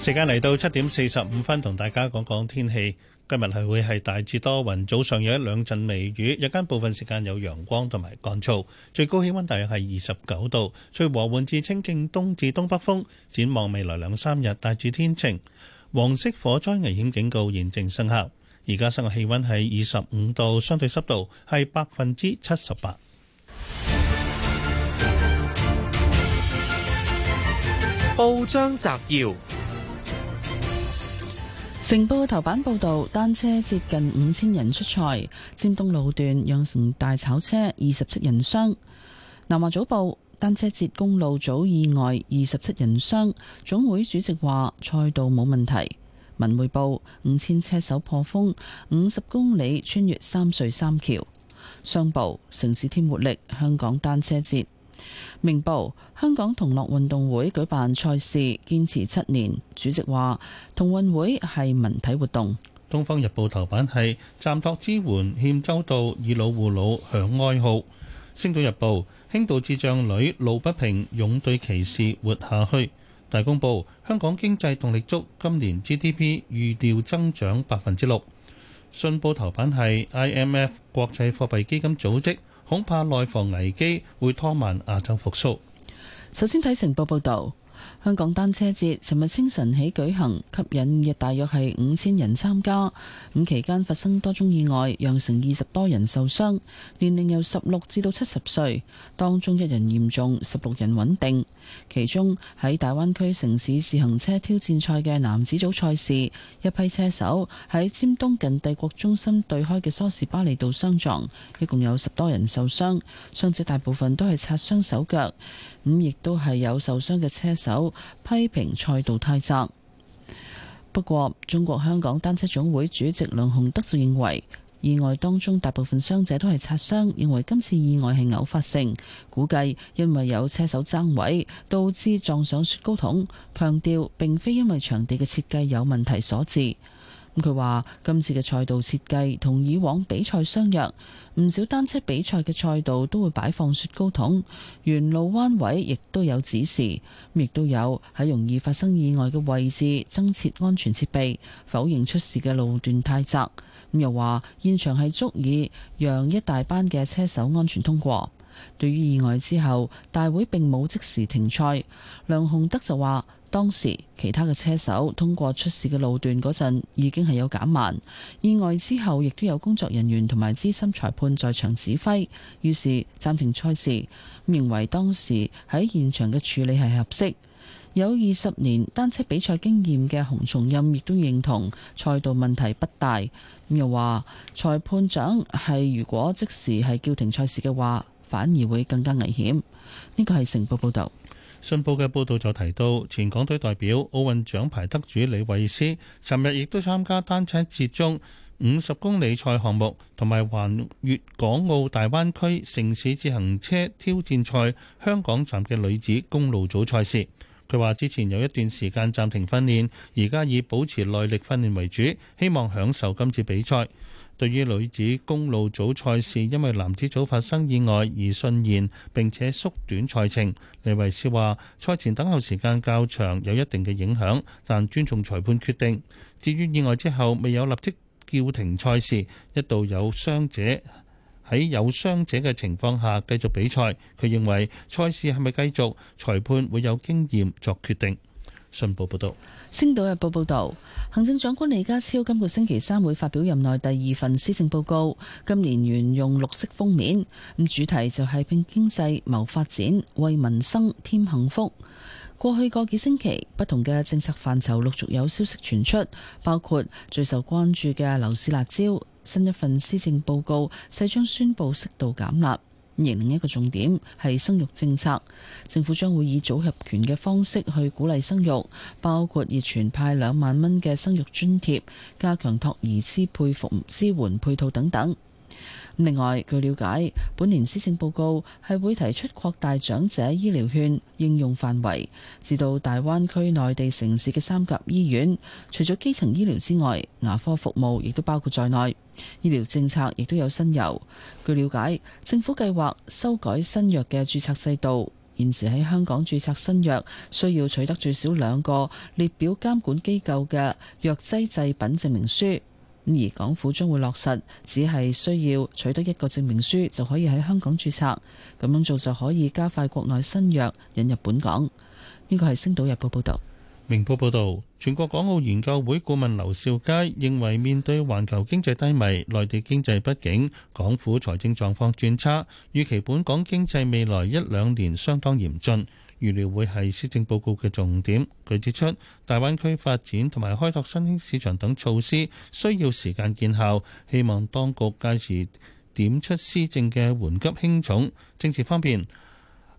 時間嚟到七點四十五分，同大家講講天氣。今日係會係大致多雲，早上有一兩陣微雨，日間部分時間有陽光同埋乾燥，最高氣溫大約係二十九度，最和緩至清勁東至東北風，展望未來兩三日大致天晴，黃色火災危險警告現正生效。而家室外氣溫係二十五度，相對濕度係百分之七十八。報章摘要。成報頭版報道，單車接近五千人出賽，尖東路段釀成大炒車，二十七人傷。南華早報，單車節公路組意外，二十七人傷。總會主席話賽道冇問題。文匯報，五千車手破風，五十公里穿越三隧三橋。商報，城市添活力，香港單車節。明報：香港同樂運動會舉辦賽事堅持七年，主席話同運會係文體活動。東方日報頭版係暫託支援欠周到，以老護老享哀號。星島日報：輕度智障女路不平，勇對歧視活下去。大公報：香港經濟動力足，今年 GDP 預料增長百分之六。信報頭版係 IMF 國際貨幣基金組織。恐怕內房危機會拖慢亞洲復甦。首先睇成報報導，香港單車節尋日清晨起舉行，吸引約大約係五千人參加。咁期間發生多宗意外，讓成二十多人受傷，年齡由十六至到七十歲，當中一人嚴重，十六人穩定。其中喺大灣區城市自行車挑戰賽嘅男子組賽事，一批車手喺尖東近帝國中心對開嘅梳士巴利道相撞，一共有十多人受傷，傷者大部分都係擦傷手腳，咁、嗯、亦都係有受傷嘅車手批評賽道太窄。不過中國香港單車總會主席梁鴻德就認為。意外當中，大部分傷者都係擦傷，認為今次意外係偶發性，估計因為有車手爭位導致撞上雪糕筒。強調並非因為場地嘅設計有問題所致。咁佢話：今次嘅賽道設計同以往比賽相若，唔少單車比賽嘅賽道都會擺放雪糕筒，沿路彎位亦都有指示，亦都有喺容易發生意外嘅位置增設安全設備，否認出事嘅路段太窄。咁又話現場係足以讓一大班嘅車手安全通過。對於意外之後，大會並冇即時停賽。梁洪德就話：當時其他嘅車手通過出事嘅路段嗰陣已經係有減慢。意外之後亦都有工作人員同埋資深裁判在場指揮，於是暫停賽事。咁認為當時喺現場嘅處理係合適。有二十年單車比賽經驗嘅洪重任亦都認同賽道問題不大。又話裁判長係如果即時係叫停賽事嘅話，反而會更加危險。呢個係《成報》報道，《信報》嘅報道就提到，前港隊代表、奧運獎牌得主李慧詩，尋日亦都參加單車節中五十公里賽項目同埋環粵港澳大灣區城市自行車挑戰賽香港站嘅女子公路組賽事。佢話：之前有一段時間暫停訓練，而家以保持耐力訓練為主，希望享受今次比賽。對於女子公路組賽事，因為男子組發生意外而順延並且縮短賽程，李維斯話：賽前等候時間較長，有一定嘅影響，但尊重裁判決定。至於意外之後未有立即叫停賽事，一度有傷者。喺有傷者嘅情況下繼續比賽，佢認為賽事係咪繼續，裁判會有經驗作決定。信報報道：《星島日報》報道，行政長官李家超今個星期三會發表任內第二份施政報告，今年沿用綠色封面，咁主題就係拼經濟謀發展，為民生添幸福。過去個幾星期，不同嘅政策範疇陸續有消息傳出，包括最受關注嘅樓市辣招。新一份施政報告勢將宣佈適度減辣，而另一個重點係生育政策。政府將會以組合拳嘅方式去鼓勵生育，包括而全派兩萬蚊嘅生育津貼，加強托兒支配服務支援配套等等。另外，據了解，本年施政報告係會提出擴大長者醫療券應用範圍，至到大灣區內地城市嘅三甲醫院，除咗基層醫療之外，牙科服務亦都包括在內。醫療政策亦都有新猷。據了解，政府計劃修改新藥嘅註冊制度。現時喺香港註冊新藥，需要取得最少兩個列表監管機構嘅藥劑製品證明書。而港府將會落實，只係需要取得一個證明書就可以喺香港注冊。咁樣做就可以加快國內新藥引入本港。呢個係《星島日報》報道。明報報道，全國港澳研究會顧問劉兆佳認為，面對環球經濟低迷、內地經濟不景、港府財政狀況轉差，預期本港經濟未來一兩年相當嚴峻。預料會係施政報告嘅重點。佢指出，大灣區發展同埋開拓新興市場等措施需要時間見效，希望當局屆時點出施政嘅緩急輕重。政治方面，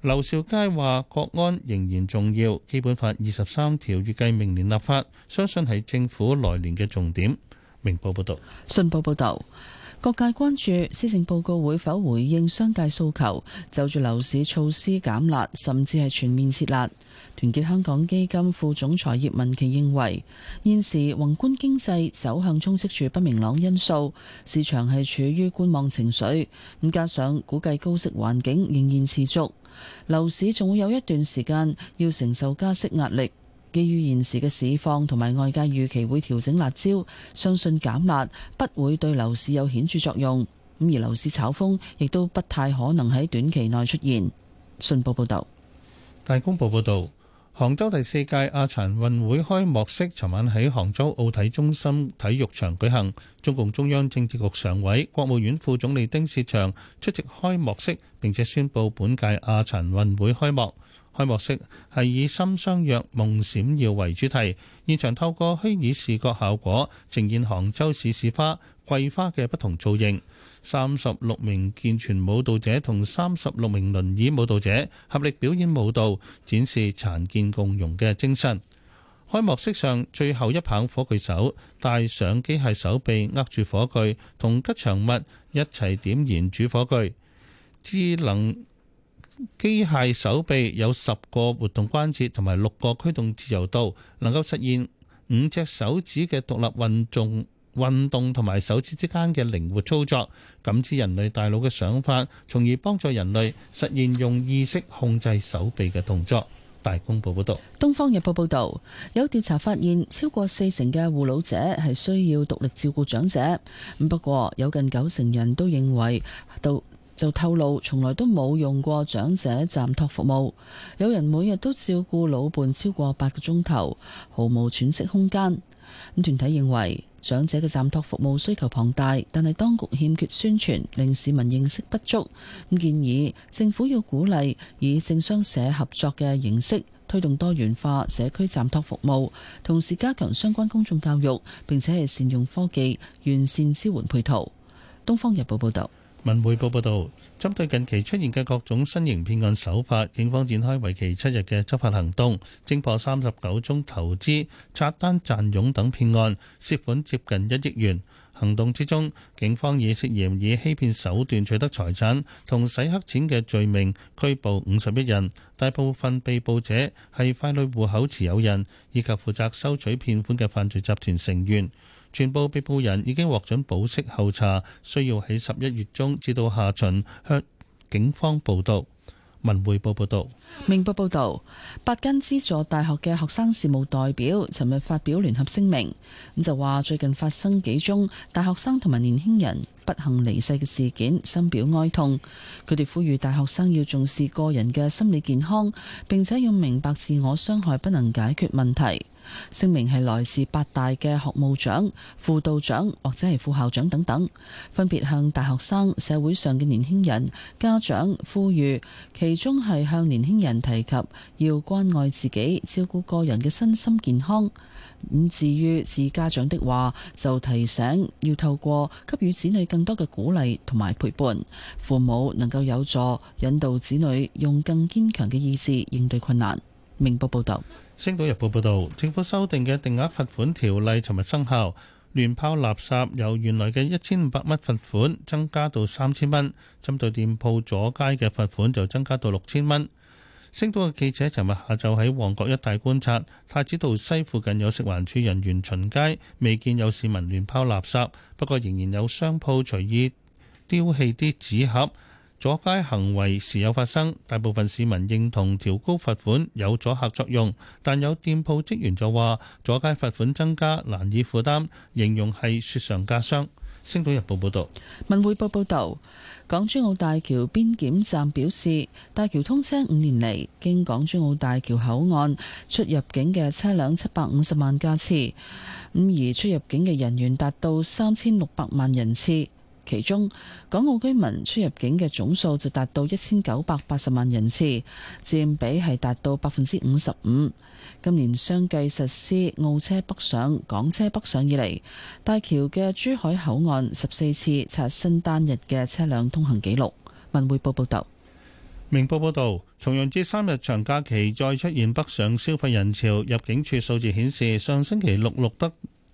劉兆佳話國安仍然重要，基本法二十三條預計明年立法，相信係政府來年嘅重點。明報報道，信報報道。各界關注施政報告會否回應商界訴求，就住樓市措施減辣，甚至係全面撤辣。團結香港基金副總裁葉文琪認為，現時宏觀經濟走向充斥住不明朗因素，市場係處於觀望情緒。咁加上估計高息環境仍然持續，樓市仲會有一段時間要承受加息壓力。基於現時嘅市況同埋外界預期會調整辣招，相信減辣不會對樓市有顯著作用。咁而樓市炒風亦都不太可能喺短期內出現。信報報道。大公報報道，杭州第四屆亞殘運會開幕式尋晚喺杭州奧體中心體育場舉行。中共中央政治局常委、國務院副總理丁薛祥出席開幕式並且宣布本屆亞殘運會開幕。開幕式係以“心相約，夢閃耀”為主題，現場透過虛擬視覺效果呈現杭州市市花桂花嘅不同造型。三十六名健全舞蹈者同三十六名輪椅舞蹈者合力表演舞蹈，展示殘健共融嘅精神。開幕式上最後一棒火炬手戴上機械手臂握住火炬，同吉祥物一齊點燃主火炬。智能機械手臂有十個活動關節同埋六個驅動自由度，能夠實現五隻手指嘅獨立運動，運動同埋手指之間嘅靈活操作，感知人類大腦嘅想法，從而幫助人類實現用意識控制手臂嘅動作。大公報報道，東方日報報道，有調查發現超過四成嘅護老者係需要獨立照顧長者，咁不過有近九成人都認為到。就透露，從來都冇用過長者暫托服務，有人每日都照顧老伴超過八個鐘頭，毫無喘息空間。咁團體認為，長者嘅暫托服務需求龐大，但係當局欠缺宣傳，令市民認識不足。咁建議政府要鼓勵以政商社合作嘅形式推動多元化社區暫托服務，同時加強相關公眾教育，並且係善用科技完善支援配套。《東方日報》報道。文匯報報道，針對近期出現嘅各種新型騙案手法，警方展開為期七日嘅執法行動，偵破三十九宗投資、刷單、賺佣等騙案，涉款接近一億元。行動之中，警方以涉嫌以欺騙手段取得財產同洗黑錢嘅罪名，拘捕五十一人，大部分被捕者係傀儡戶口持有人以及負責收取騙款嘅犯罪集團成員。全部被捕人已經獲准保釋候查，需要喺十一月中至到下旬向警方報到。文匯報報道。明報報道，八間資助大學嘅學生事務代表尋日發表聯合聲明，咁就話最近發生幾宗大學生同埋年輕人不幸離世嘅事件，深表哀痛。佢哋呼籲大學生要重視個人嘅心理健康，並且要明白自我傷害不能解決問題。聲明係來自八大嘅學務長、輔導長或者係副校長等等，分別向大學生、社會上嘅年輕人、家長呼籲。其中係向年輕人提及要關愛自己，照顧個人嘅身心健康。咁至於是家長的話，就提醒要透過給予子女更多嘅鼓勵同埋陪伴，父母能夠有助引導子女用更堅強嘅意志應對困難。明報報道。《星島日報》報導，政府修訂嘅定額罰款條例，尋日生效。亂拋垃圾由原來嘅一千五百蚊罰款，增加到三千蚊。針對店鋪阻街嘅罰款就增加到六千蚊。星島嘅記者尋日下晝喺旺角一帶觀察，太子道西附近有食環署人員巡街，未見有市民亂拋垃圾，不過仍然有商鋪隨意丟棄啲紙盒。阻街行為時有發生，大部分市民認同調高罰款有阻嚇作用，但有店鋪職員就話阻街罰款增加難以負擔，形容係雪上加霜。星島日報報道。文匯報報道，港珠澳大橋邊檢站表示，大橋通車五年嚟，經港珠澳大橋口岸出入境嘅車輛七百五十萬架次，咁而出入境嘅人員達到三千六百萬人次。其中，港澳居民出入境嘅總數就達到一千九百八十萬人次，佔比係達到百分之五十五。今年相繼實施澳車北上、港車北上以嚟，大橋嘅珠海口岸十四次刷新單日嘅車輛通行紀錄。文匯報報道，明報報道，重陽節三日長假期再出現北上消費人潮，入境處數字顯示，上星期六錄得。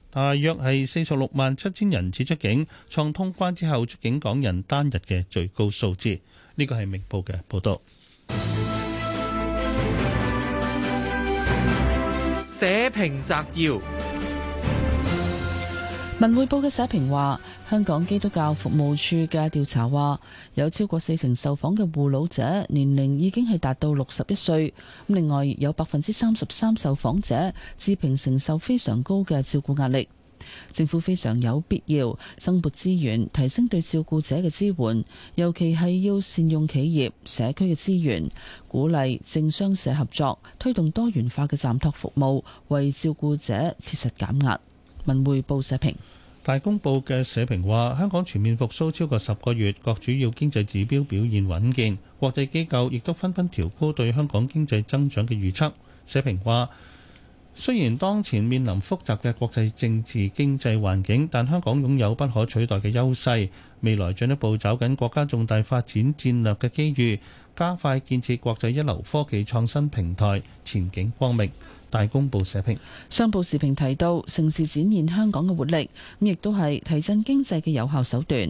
大約係四十六萬七千人次出境，創通關之後出境港人單日嘅最高數字。呢個係明報嘅報道。社評摘要。文匯報嘅社評話，香港基督教服務處嘅調查話，有超過四成受訪嘅護老者年齡已經係達到六十一歲，另外有百分之三十三受訪者自評承受非常高嘅照顧壓力。政府非常有必要增撥資源，提升對照顧者嘅支援，尤其係要善用企業、社區嘅資源，鼓勵政商社合作，推動多元化嘅暫托服務，為照顧者切實減壓。文匯報社評，大公報嘅社評話：香港全面復蘇超過十個月，各主要經濟指標表現穩健，國際機構亦都紛紛調高對香港經濟增長嘅預測。社評話：雖然當前面臨複雜嘅國際政治經濟環境，但香港擁有不可取代嘅優勢，未來進一步抓緊國家重大發展戰略嘅機遇，加快建設國際一流科技創新平台，前景光明。大公報社評，商報時評提到，城市展現香港嘅活力，咁亦都係提振經濟嘅有效手段。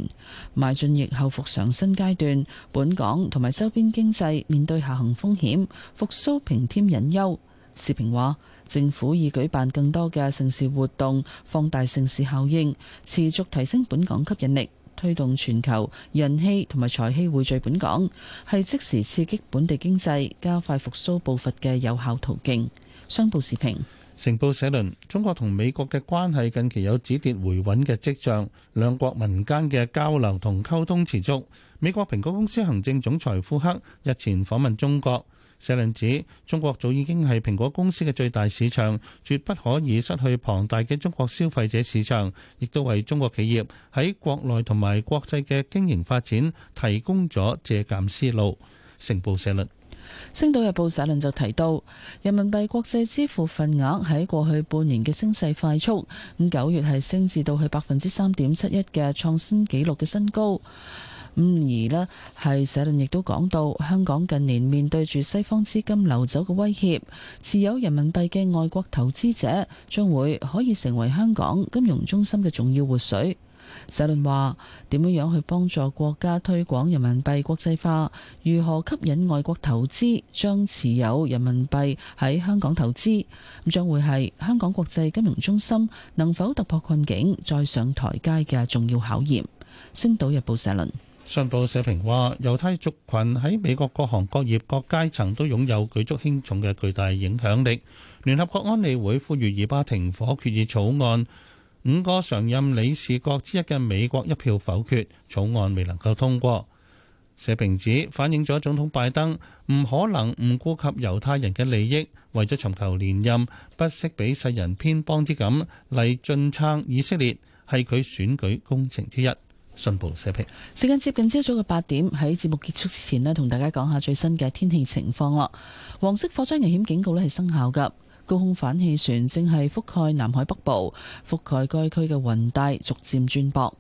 邁進疫後復常新階段，本港同埋周邊經濟面對下行風險，復蘇平添隱憂。時評話，政府已舉辦更多嘅城市活動，放大城市效應，持續提升本港吸引力，推動全球人氣同埋財氣匯聚本港，係即時刺激本地經濟、加快復蘇步伐嘅有效途徑。商報時評，成報社論：中國同美國嘅關係近期有止跌回穩嘅跡象，兩國民間嘅交流同溝通持續。美國蘋果公司行政總裁庫克日前訪問中國，社論指中國早已經係蘋果公司嘅最大市場，絕不可以失去龐大嘅中國消費者市場，亦都為中國企業喺國內同埋國際嘅經營發展提供咗借鑑思路。成報社論。《星島日報》社論就提到，人民幣國際支付份額喺過去半年嘅升勢快速，咁九月係升至到去百分之三點七一嘅創新紀錄嘅新高。咁、嗯、而呢，係社論亦都講到，香港近年面對住西方資金流走嘅威脅，持有人民幣嘅外國投資者將會可以成為香港金融中心嘅重要活水。社論話點樣樣去幫助國家推廣人民幣國際化？如何吸引外國投資將持有人民幣喺香港投資，將會係香港國際金融中心能否突破困境再上台階嘅重要考驗。星島日報社論，信報社評話猶太族群喺美國各行各業各階層都擁有舉足輕重嘅巨大影響力。聯合國安理會呼籲以巴停火決議草案，五個常任理事國之一嘅美國一票否決，草案未能夠通過。社評指反映咗總統拜登唔可能唔顧及猶太人嘅利益，為咗尋求連任，不惜俾世人偏幫之感嚟…盡撐以色列係佢選舉工程之一。信報社評。時間接近朝早嘅八點，喺節目結束之前咧，同大家講下最新嘅天氣情況啦。黃色火災危險警告咧係生效㗎。高空反氣旋正係覆蓋南海北部，覆蓋該區嘅雲帶逐漸轉薄。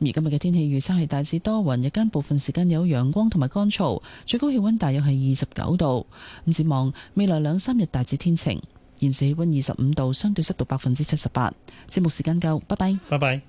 而今日嘅天氣預測係大致多雲，日間部分時間有陽光同埋乾燥，最高氣溫大約係二十九度。咁展望未來兩三日大致天晴，現時氣溫二十五度，相對濕度百分之七十八。節目時間夠，拜拜，拜拜。